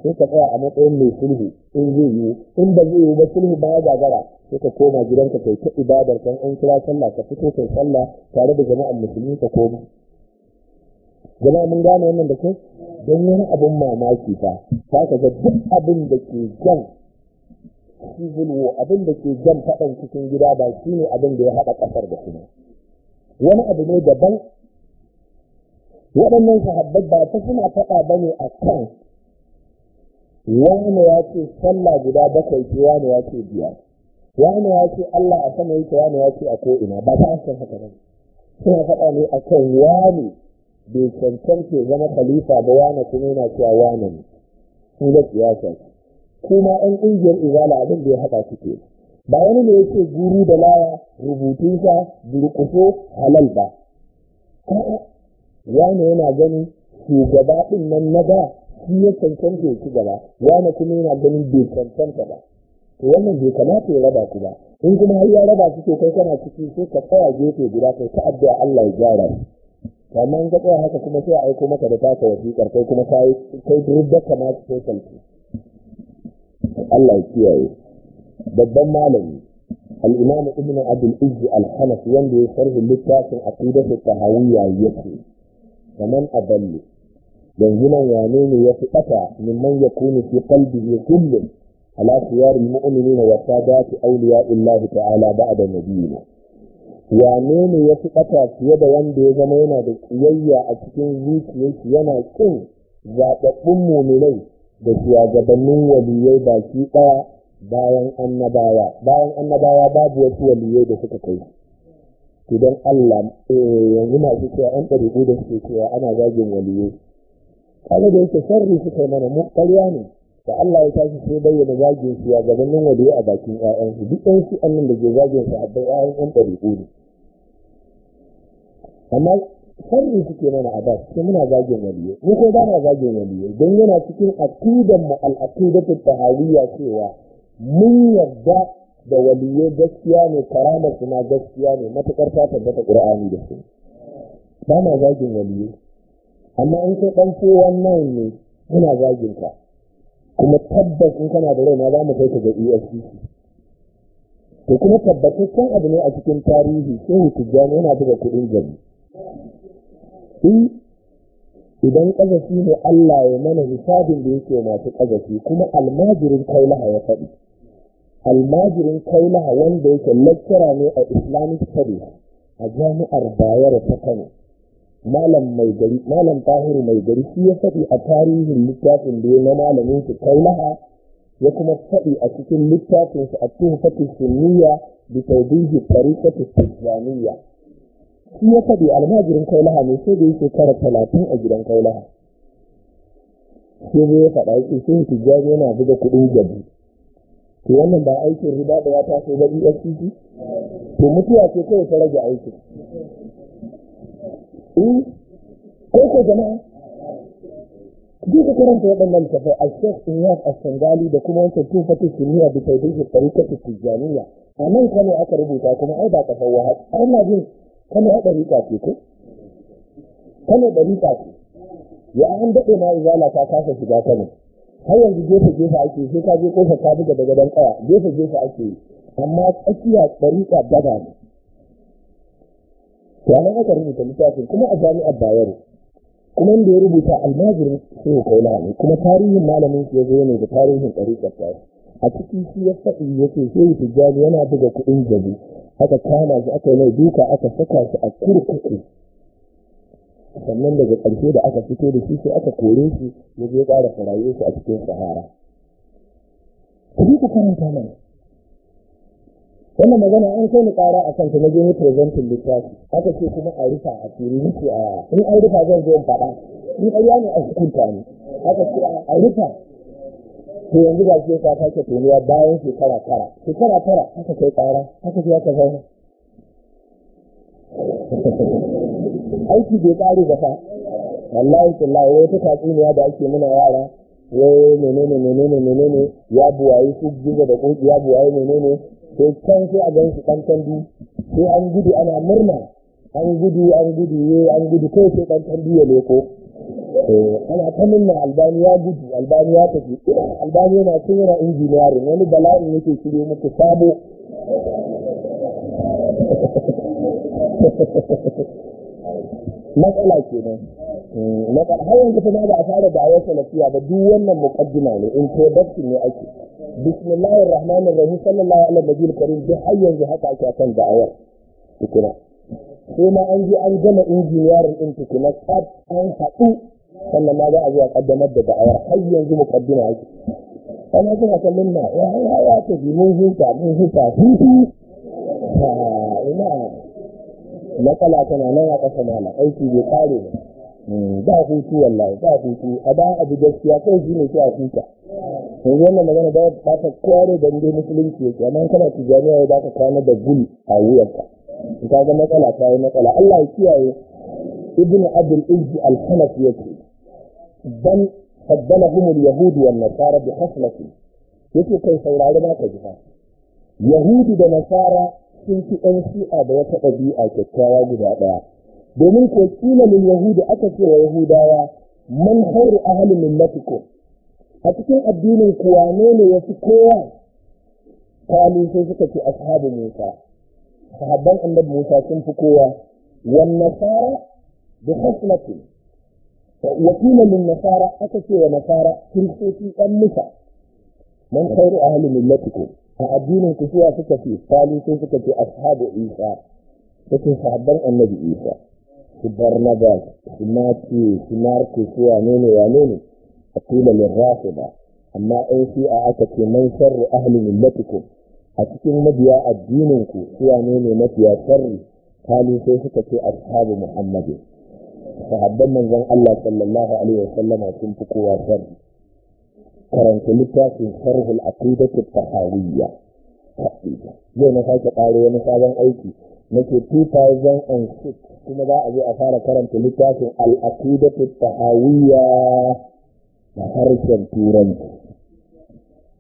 sai ka tsaya a matsayin mai sulhu in zai yi in ba zai yi ba sulhu ba ya gagara sai ka koma gidanka kai ta ibadar kan an kira sallah ka fito kai sallah tare da jama'an musulmi ka koma jama'a mun gane wannan da ke don wani abin mamaki fa ta ka ga duk abin da ke jan civil abin da ke jan faɗan cikin gida ba shi ne abin da ya haɗa ƙasar da kuma wani abu ne daban waɗannan sahabbai ba ta suna faɗa ba ne a kan wani ya ce sallah guda bakwai ce wani ya ce biyar wani ya ce Allah a sama yake wani ya ce a ko'ina ba ta san haka ba suna faɗa ne a kan wani bai cancance zama khalifa ba wani kuma yana cewa wani ne sun da siyasa kuma ɗan ƙungiyar izala abin da ya haɗa su ke ba wani ne yake guru da laya sa durƙuso halal ba wani yana ganin shugaba ɗin nan na da shi ya cancanta ya ci gaba wani kuma yana ganin bai cancanta ba to wannan bai kamata ya raba ku ba in kuma har ya raba ku kai kana ciki sai ka tsaya gefe guda kai ta addu'a Allah ya gyara shi amma in ka tsaya haka kuma sai a aiko maka da taka wasiƙar kai kuma kai kai rubda kamata sai kalki Allah ya kiyaye babban malami الإمام ابن عبد العز الحنفي يندي شرح للتاسع عقيدة الطهوية يكفي فمن أضل yanzu nan wane ne ya fi ɓata min man ya kuni fi qalbihi kullum ala khiyar almu'minina wa sadati awliya illahi ta'ala ba'da nabiyina wane ne ya fi ɓata fiye da wanda ya zama yana da kiyayya a cikin zuciyarsa yana kin zaɓaɓɓun muminai da shugabannin waliyai baki ɗaya bayan annabawa bayan annabawa babu wasu waliyai da suka kai idan Allah eh, yanzu masu cewa an ɗari da suke cewa ana zagin waliyai kada da yake sharri suka yi mana mukalliya ne da Allah ya tashi sai bayyana zagin su ya nan wadai a bakin ƴaƴan su duk ɗan shi annan da ke zagin su bai ƴaƴan ɗan ɗari ne amma sharri suke mana a bas sai muna zagin waliyo mu ko ba na zagin waliyo don yana cikin aqidan mu al-aqidatu tahawiyya cewa mun yarda da waliyo gaskiya ne su suna gaskiya ne matakar ta tabbata qur'ani da su ba na zagin waliyo amma in ka ɗan ce wannan ne yana zagin ka kuma tabbas in kana da rai na za mu kai ka ga EFCC to kuma tabbataccen abu ne a cikin tarihi shehu tijjani yana buga kuɗin gari idan ƙazafi ne Allah ya mana hisabin da yake masu ƙazafi kuma almajirin laha ya faɗi almajirin laha wanda yake lecturer ne a islamic studies a jami'ar bayar ta kano malam mai tahiru mai gari shi ya faɗi a tarihin littafin da ya na malamin shi kaulaha ya kuma faɗi a cikin littafin su a tuhfatul sunniya bi tawdihi tariqati tijaniya shi ya faɗi almajirin kaulaha ne sai da yake kara talatin a gidan kaulaha sai ya faɗa yake sai tijjani yana buga kuɗin jabi to wannan ba aikin riba da ya taso ba ciki? to mutuwa ce kawai ta rage aikin Eh? Eh ko jama'a duk karanta waɗannan tafi a shek inyas a sangali da kuma wancan tufatu kimiyya da taidaji tarikatu tijjaniya a nan kano aka rubuta kuma ai ba ka wahal ai na jin kano a ɗarika ce ko kano ɗarika ce ya an daɗe ma izala ta kasa shiga kano har yanzu gefe gefe ake sai ka je kofar ka buga daga dan ƙaya gefe gefe ake amma tsakiya ɗarika daga ne to rubuta littafin kuma a jami'ar bayero kuma inda ya rubuta almajirin shehu kaula ne kuma tarihin malamin su ya zo ne da tarihin ɗariƙar a cikin shi ya faɗi ya ce yi tijjani yana buga kuɗin jabi aka kama shi aka yi mai duka aka saka shi a kurkuku sannan daga ƙarshe da aka fito da shi sai aka kore shi ya je ƙara farayen shi a cikin sahara ku karanta mana wannan magana an kai ni ƙara a kan na jini ni presenting littafi aka ce kuma a rufa a fili nake a in an rufa zan zo faɗa in ƙarya a hukunta ne. aka ce a rufa to yanzu ba shi ya sake tunuwa bayan shekara tara shekara tara aka kai ƙara aka ce aka zauna aiki bai ƙare ba fa wallahi tallahi wata tatsuniya da ake muna yara wai menene menene menene ya buwaye su gizo da kunki ya buwaye menene sai can sai a gan shi ɗan sai an gudu ana murna an gudu an gudu ye an gudu kai sai ɗan tandu ya leko ana ta murna albani ya gudu albani ya tafi albani yana cin yana injiniyar wani bala'in yake shirye muku sabo matsala kenan eh, matsala har yanzu kuma ba a fara da ayar lafiya ba duk wannan muqaddima ne in introduction ne ake bismillahir rahmanir rahim sallallahu alaihi wa sallam karim duk har yanzu haka ake kan da'awar tukuna sai ma an je an gama injiniyarin din tukuna an haɗu sannan ma za a zuwa kaddamar da da'awar har yanzu muqaddima ake ana kallon na ya ya ya huta mun huta huhu ina matsala tana nan a mana aiki bai kare ba hmm, ba hutu wallahi ba hutu a da abu gaskiya kai shi ne sai a huta yanzu wannan magana ba ba ta kware da inda musulunci yake amma kana tijaniya ya baka kwana da gul a wuyarka in ka ga matsala ta yi matsala Allah ya kiyaye ibnu abdul izzi al-hanafi yake dan faddalahum al-yahud wan nasara bi haslati yake kai saurari ba ka ba yahudu da nasara sun fi ɗan shi'a da wata ɗabi'a kyakkyawa guda ɗaya domin ko kila lil yahudi aka ce wa yahudawa man khairu ahli millatikum a cikin addinin ku wane ne ya fi kowa kalu sai suka ce ashabu musa sahabban annabi musa sun fi kowa wan nasara bi haslati wa qila lin nasara aka ce wa nasara kiristoci dan musa man khairu ahli millatikum a addinin ku suwa suka ce kalu sai suka ce ashabu isa suke sahabban annabi isa su barnabas su matthew su marcus wane ne wane ne aqula ba, amma ai shi a aka ce man sharru ahli millatikum a cikin mabiya addinin ku suwa ne ne mafiya sharri kalu sai suka ce ashabu muhammadin sahabban manzon Allah sallallahu alaihi wasallam sun fi kowa sharri karanta littafin sharhul aqidatu tahawiyya zai na sake ƙaro wani sabon aiki nake 2006 kuma za a zo a fara karanta littafin al-aqidatu tahawiyya da harshen turanci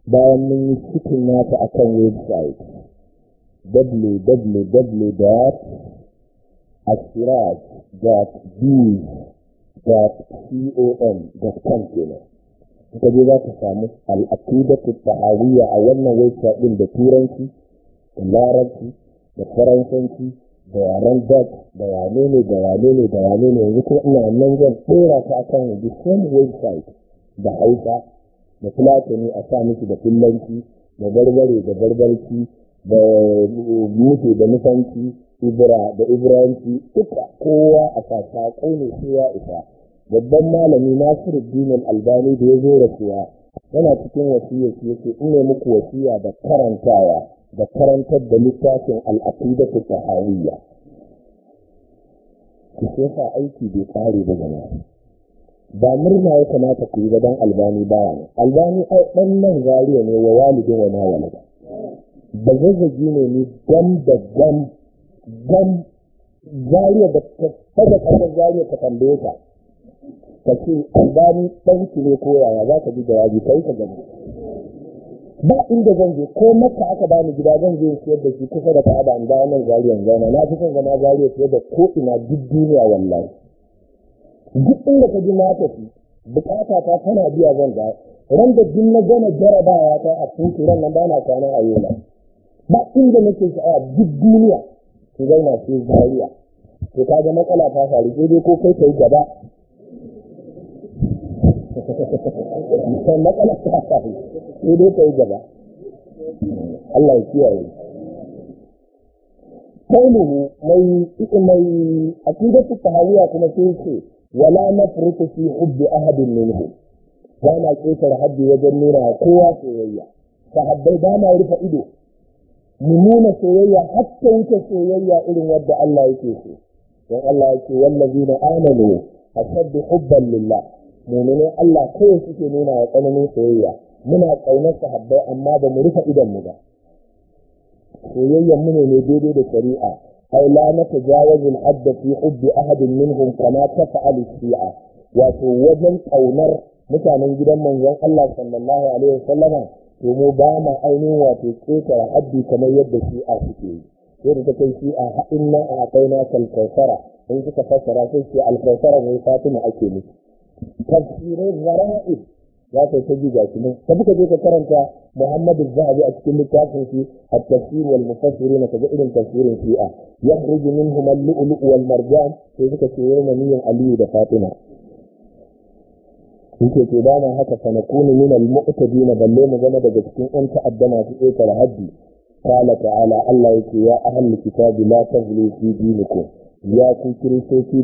bayan mun yi cikin nata a kan website www.asiraj.biz.com kenan ka je za ka samu ta tahawiyya a wannan website ɗin da turanci da larabci da faransanci da yaren dat da yare ne da yare ne da yare ne yanzu kuma ina nan zan tsora ta akan the same website da hausa da ne a sa miki da fillanci da barbare da barbarci da mutu da nufanci ibra da ibranci duka kowa a kasa saƙo ne ya isa babban malami nasiru dinin albani da ya zo da cewa yana cikin wasiya shi yake ina muku wasiya da karantawa da karantar da littafin al'aqida ta sahawiyya ku sai aiki bai kare ba jama'a ba murna ya kamata ku yi ba dan albani baya ne albani ai dan nan zariya ne wa walidin wa nawala ba zazzaji ne ni gam da gam gam zariya da ta kada kada zariya ka tambaye ka ka ce albani dan ki ne ko yaya za ka ji jawabi kai ka gani ba inda zan je ko maka aka bani gida zan je siyar da shi kusa da ka'aba in ga nan zariyan zauna na fi son zama zariya fiye da ko ina duk duniya wallahi duk inda ka ji na tafi bukata ta tana biya zan ga ran da jin na gana jarabawa ta a cikin turan nan bana kwana a yola ba inda nake sha'awa duk duniya ki zauna sai zariya to ka ga matsala ta faru sai dai ko kai kai gaba Kai matsala ta faru sai dai kai gaba Allah ya kiyaye kauluhu mai mai suka tahawiyya kuma sai ce wala nafruku fi hubbi ahadin minhum ba na ƙetare wajen nuna wa kowa soyayya sahabbai ba rufe ido mu nuna soyayya hatta soyayya irin wadda Allah yake so don Allah ya ce wallazina amanu ashaddu hubban lilla. mu'minin Allah kawai suke nuna wa tsananin soyayya muna ƙaunar sahabbai amma ba mu rufe idon ba soyayyan mu ne daidai da shari'a ai la natajawazul adda fi hubbi ahadin minhum kama tafa'alu shi'a wato wajen kaunar mutanen gidan manzon Allah sallallahu alaihi wasallama to mu ba ma ainihin wato ƙetare haddi kamar yadda shi'a suke yi yadda ta kai shi'a haɗin nan a akwai na kalkausara in suka fassara sai ce alkausara ne fatima ake nufi tafsirin zara'ib ya kai ta ji gashi ka buka je ka karanta Muhammad Zahabi a cikin littafin shi at-tafsir wal mufassirin ka ga irin tafsirin shi'a yakhruju minhum al-lu'lu' wal marjan sai suka ce yana niyan Aliyu da Fatima yake ce dama haka sanakunu min al-mu'tadin balle mu zama daga cikin an ta'adda masu ƙetar haddi قال تعالى الله يقول يا أهل الكتاب لا تغلوا في دينكم يا كن كريستوسي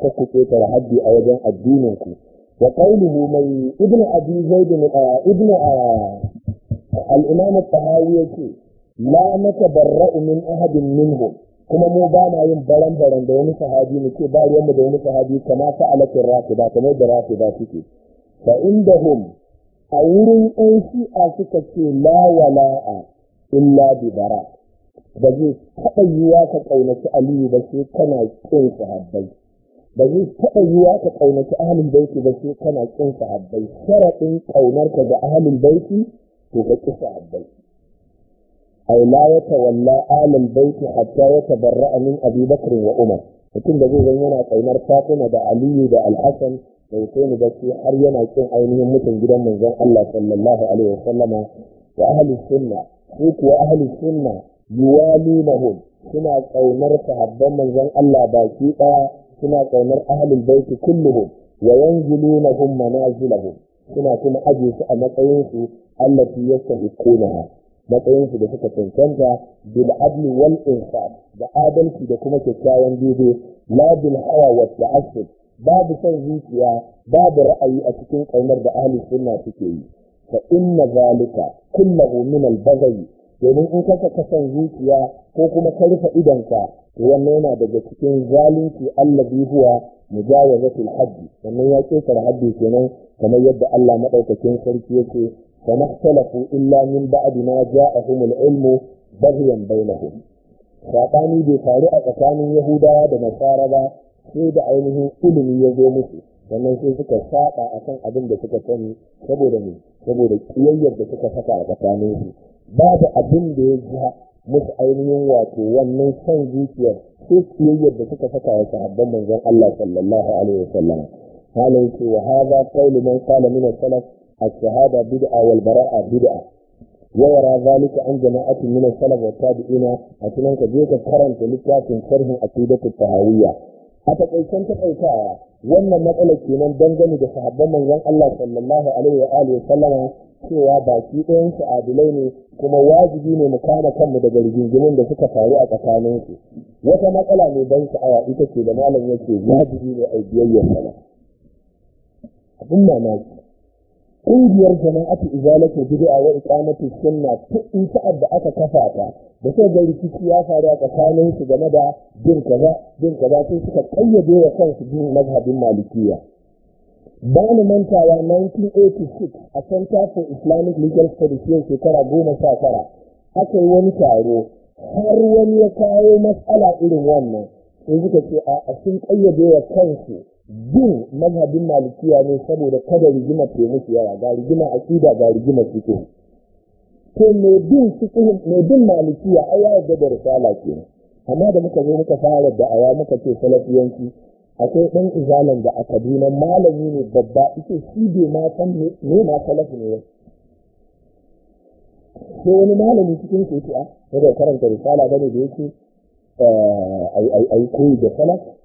ka ku ƙetar haddi a wajen addininku وقوله Ibn ابن أبي زيد ابن الإمام الطهاوي يقول لا نتبرأ من أحد منهم kuma mu ba na yin baran baran da wani sahabi mu ce ba ruwanmu da wani sahabi kama ta alakin rafida kamar da rafida suke fa indahum a wurin ɗan shi'a suka ce la a illa bara ba zai taɓa ka ƙaunaci aliyu ba sai kana ƙin sahabbai ba zai taɓa yiwa ka ƙaunaci ahalin baiti ba sai kana ƙin sahabbai sharaɗin ƙaunarka ga ahalin baiti to ka ƙi sahabbai ai la ya tawalla ahalin baiti hatta ya tabarra'a min abi bakr wa umar mutum da zai yana ƙaunar fatima da aliyu da alhassan da husaini da shi har yana ƙin ainihin mutum gidan manzon allah sallallahu alaihi wa wa ahli sunna ko kuwa ahli sunna yuwalunahum suna ƙaunar sahabban manzon allah baki ɗaya suna kaunar ahalin baiti kulluhum wa yanzilunahum manazilahum suna kuma aje su a matsayin su allati yastahiqunaha matsayin su da suka cancanta bil adli wal insaf da adalci da kuma kyakkyawan daidai la bil hawa wa ta'assub babu son zuciya babu ra'ayi a cikin kaunar da ahlus sunna suke yi fa inna zalika kullahu min al domin in kasa kasan zuciya ko kuma ka rufe idonka to wannan yana daga cikin zalunci Allah bi huwa mujawazatul haddi wannan ya ce, kar haddi kenan kamar yadda Allah madaukakin sarki yake fa mahtalafu illa min ba'di ma ja'ahumul ilmu baghyan bainahum sabani bai faru a tsakanin yahudawa da nasara ba sai da ainihin ilimi ya zo musu sannan sai suka saba akan abin da suka sani saboda ne saboda kiyayyar da suka saka a tsakaninsu. Ba da abin da ya jiha masu ainihin wato wannan son zuciyar ko siyayyar da suka saka wa sahabban manzon Allah sallallahu alaihi wa sallam halin ce wa hada kaulu man kala min salaf ash-shahada bid'a wal bara'a bid'a wa yara zalika an jama'atu min salaf wa tabi'ina a cikin ka je ka karanta littafin sharhi aqidatu tahawiyya a ta takaitawa wannan matsala kenan dangane da sahabban manzon Allah sallallahu alaihi wa alihi sallama cewa baki ɗayan su adilai ne kuma wajibi ne mu kama kanmu daga rigingimin da suka faru a tsakanin su wata matsala ne ban sha'awa ita ce da malam yake wajibi ne a biyayyar sana abin mamaki ƙungiyar jama'atu izalatu bid'a wa iqamatu sunna tun ta'ad da aka kafa ta da sai ga rikici ya faru a tsakanin su game da bin kaza bin kaza sai suka kayyade wa kansu bin mazhabin malikiya ba ni mantawa 1986 a center for islamic legal studies yau shekara goma sha tara aka yi wani taro har wani ya kawo matsala irin wannan sai suka ce a sun kayyade wa kansu bin mazhabin malikiya ne saboda kada rigima ke musu yawa ga rigima ƙida ga rigima suke ko mai bin mai bin malikiya a ya yarda da risala ne? amma da muka zo muka fara da aya muka ce salafiyanci akwai ɗan izalan da a kaduna malami ne babba ike shi bai ma san ne ma salafi ne sai wani malami cikin su a daga karanta risala bane da yake eh, a yi koyi da salafi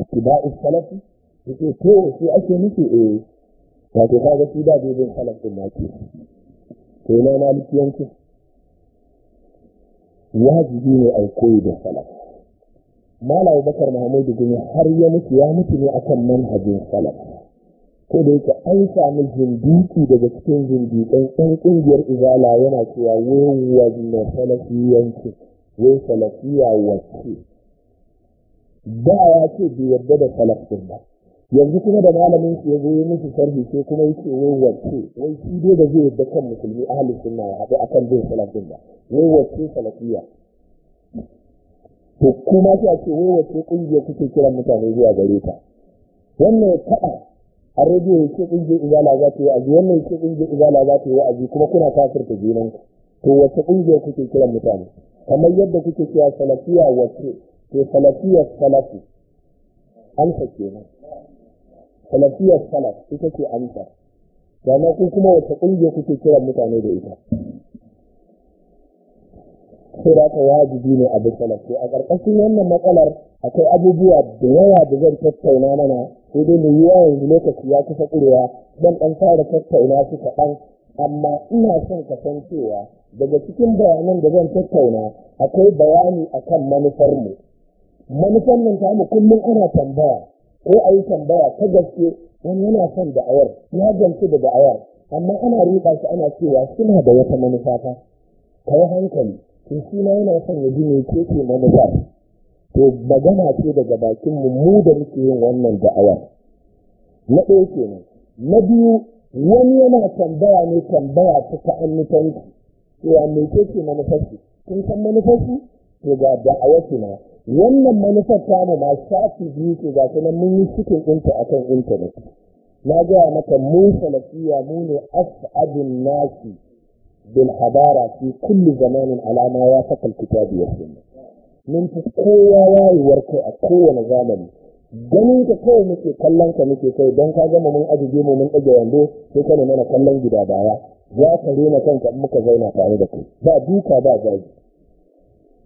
ittiba'us salafi yake ko shi ake nufi eh wato kaga shi da bin salaf din nake to na malikiyanci wajibi ne ai koyi da salaf mala bakar mahmudu gumi har ya mutu ya mutu ne akan manhajin salaf ko da yake an sami zindiki daga cikin zindikan ɗan ƙungiyar izala yana cewa wai wanne salafiyanci wai salafiya wacce da ya ce bai yarda da salaf ba yanzu kuma da malamin shi ya zo ya musu sharhi sai kuma yake wai wace wai shi dai da zai yarda kan musulmi a sunna ya haɗu akan bin salaf ba wai wace salafiya to kuma sai a ce wai wace kungiya kuke kiran mutane zuwa gare ta wannan ya taɓa a rediyo yake ce ƙungiyar izala za ta yi aji wannan ya ce ƙungiyar izala za ta yi aji kuma kuna ta junanku to wace ƙungiyar kuke kiran mutane kamar yadda kuke cewa salafiya wace Ke salafiyar salafi amsa nan, salafiyar salaf ita ce amsa sannan ku kuma wata ƙungiyar kuke kiran mutane da ita sai da aka wajibi ne abin salaf a ƙarƙashin wannan matsalar akwai abubuwa da yawa da zan tattauna mana sai dai mu yi yanzu lokaci ya kusa ƙurewa don ɗan fara tattauna su kaɗan amma ina son ka san cewa daga cikin bayanan da zan tattauna akwai bayani akan manufarmu manufan nan ta mu kullum ana tambaya ko a yi tambaya ta gaske wani yana son da'awar ya gamsu da da'awar amma ana riƙa shi ana cewa suna da wata manufa ta ka hankali to shi yana son ya ji me ke ke manufa to magana ce daga bakin mu mu da muke yin wannan da'awar na ɗaya kenan na biyu wani yana tambaya ne tambaya ta ta'annitanci cewa me ke ke manufarsu kun san manufarsu ko ga da'awa na wannan manufar tamu ma shafi biyu ce ga kuma mun yi cikin ɗinta a kan intanet na gaya maka mun salafiya mu ne as'adun nasi bil habara fi kulli zamanin alama ya fakal kitabi ya sunna mun fi kowa wayewar kai a kowane zamani ganin ka kawai muke kallon ka muke kai don ka gama mun ajiye mu mun ɗage wando sai ka na kallon gida baya ya kare na kanka muka zauna tare da kai ba duka ba zagi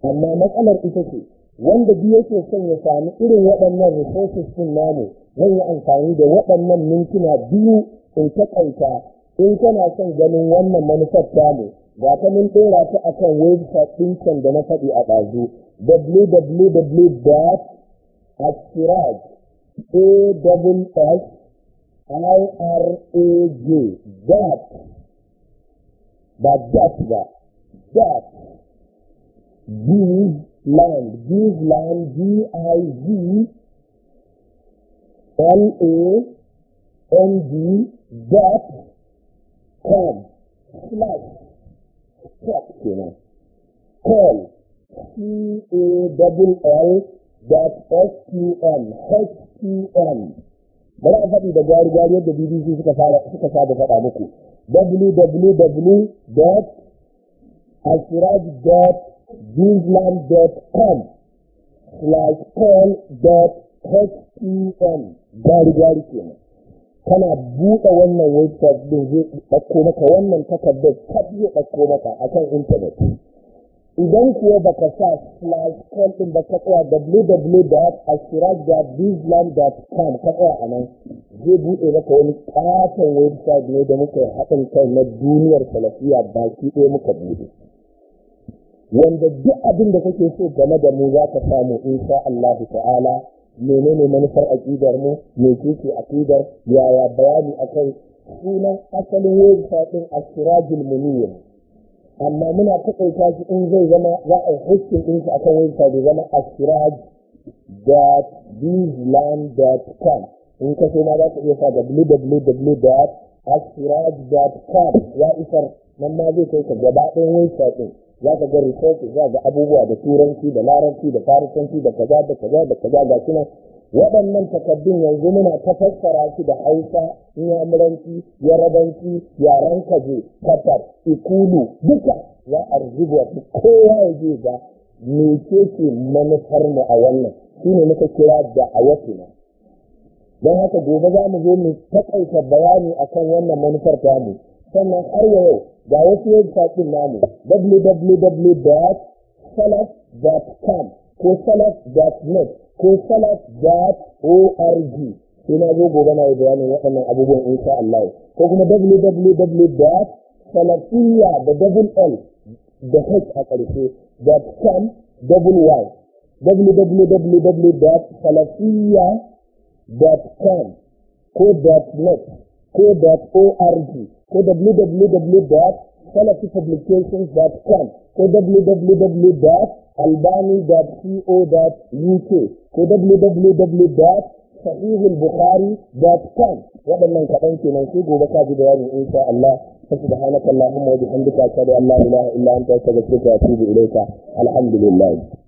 amma matsalar ita ce wanda biyu yake son ya sami irin waɗannan resources din namu zan yi amfani da waɗannan mintuna biyu in takaita in kana son ganin wannan manufar tamu ga ta mun ɗora ta a kan website ɗin da na faɗi a ɗazu www.asiraj.iraj.com ba give land, give land, G-I-V, L-A-N-D, dot, com, slash, stop, you know, call, C-A-L-L, dot S-Q-M, H-Q-M. Bari a faɗi da gari-gari yadda BBC suka saba faɗa muku. www.asiraj.com Disneyland.com slash call.htm e gari-gari kenan. Kana buɗe wannan website ɗin zai ɗauko maka wannan takardar tab zai ɗauko maka a kan intanet. Idan kuwa baka sa slash call ɗin ba ka tsaya com ka tsaya a nan zai buɗe maka wani ƙaton website ne da muka haɗin kai na duniyar talafiya baki ɗaya muka buɗe. wanda duk abin da kake so game da mu za ka samu insha Allah ta'ala menene manufar aƙidar mu me kike aƙidar yaya bayani akan sunan asalin website din asirajul munir amma muna takaita shi in zai zama za a hukun din shi akan website zama com in ka so ma za ka iya sa www.asiraj.com ya isar nan ma zai kai ka gaba ɗayan ɗin. za ka ga research za ga abubuwa da turanci da larabci da farisanci da kaza da kaza da kaza ga waɗannan takaddun yanzu muna ta fassara shi da hausa yamuranci yarabanci yaren kaje qatar ikulu duka ya arzubu wa kowa ya je ga mece ce manufar mu a wannan ne muka kira da a awatuna don haka gobe za mu zo mu takaita bayani akan wannan manufar mu sannan har yau ga wasu website din namu www.salaf.com ko salaf.net ko salaf.org sai na zo gobe na yi bayanin waɗannan abubuwan insha Allah ko kuma www.salafiyya da double l da h a ƙarshe dot com double y www.salafiyya.com ko .net ko .org ko www.salafipublications.com ko www.albani.co.uk ko www.sahihulbukhari.com waɗannan kaɗan kenan sai gobe ka ji bayanin insha Allah subhanaka allahumma wa bihamdika ashhadu an la ilaha illa anta astaghfiruka wa atubu ilayka alhamdulillah